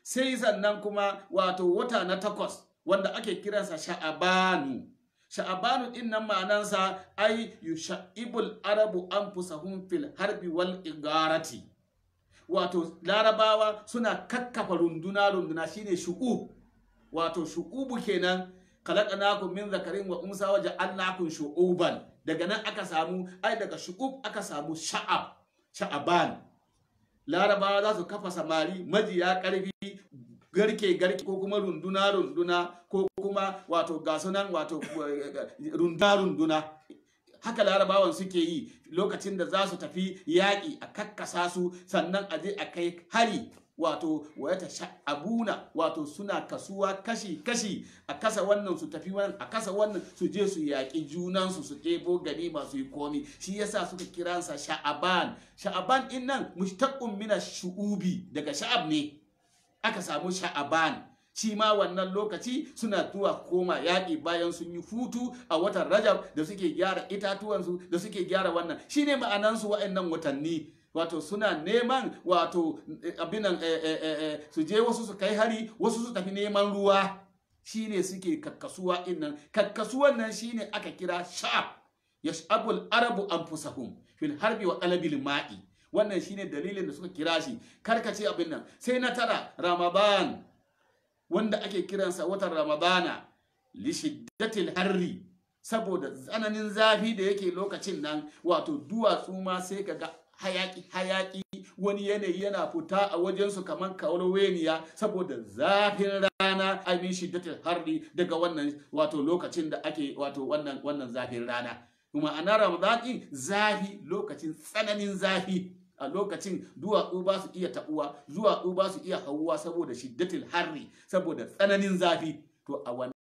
sai sannan kuma wato wata na takwas wanda ake kiransa sha'abanu sha'abanu din nan ma'anansa ai yusha'ibul arabu anfusahum fil harbi wal igarati wato larabawa suna kakkafa runduna runduna shine shu'ub wato shu'ubu kenan khalaqnakum min zakarin wa unsa wa ja'alnakum shu'uban daga nan aka samu ai daga shu'ub aka samu sha'ab sha'aban larabawa za su kafa samari majiya karfi garke garke ko kuma runduna runduna ko kuma wato gasunan wato eh, runduna runduna haka larabawan suke yi lokacin da za su tafi yaƙi a kakkasa su sannan a je a kai hari wato wata sha'abuna wato suna kasuwa kashi-kashi a kasa wannan su tafi wannan a kasa wannan su je su yaƙi junansu su ɗebo gani masu yi komi shi yasa suka kiransa sha'aban sha'aban in nan mushtaqqun mina shu'ubi daga sha'ab ne aka samu sha'aban shi ma wannan lokaci suna zuwa koma yaƙi bayan sun yi hutu a watan rajab da suke gyara itatuwansu da suke gyara wannan Shi ne ma'anansu wa'annan watanni wato suna neman wato eh, abinan eh, eh, su je wasu su kai hari wasu su tafi neman ruwa Shi ne suke kakkasuwa innan kakkasuwan nan shi ne aka kira sha'ab yash'abul arabu anfusahum fil harbi wa talabil ma'i wannan shine dalilin da suka kira shi karkace abin nan sai na tara ramadan wanda ake kiransa watan ramadana li harri saboda tsananin zafi da yake lokacin nan wato duwatsu ma sai kaga hayaki hayaki wani yanayi yana fita a wajensu kamar kaurweniya saboda zafin rana amin shiddatul harri daga wannan wato lokacin da ake wato wannan zafin rana kuma ana ramadan zafi lokacin tsananin zafi a lokacin duwatsu ba su iya taɓuwa duwatsu ba su iya hauwa saboda shiddatil harri saboda tsananin zafi to a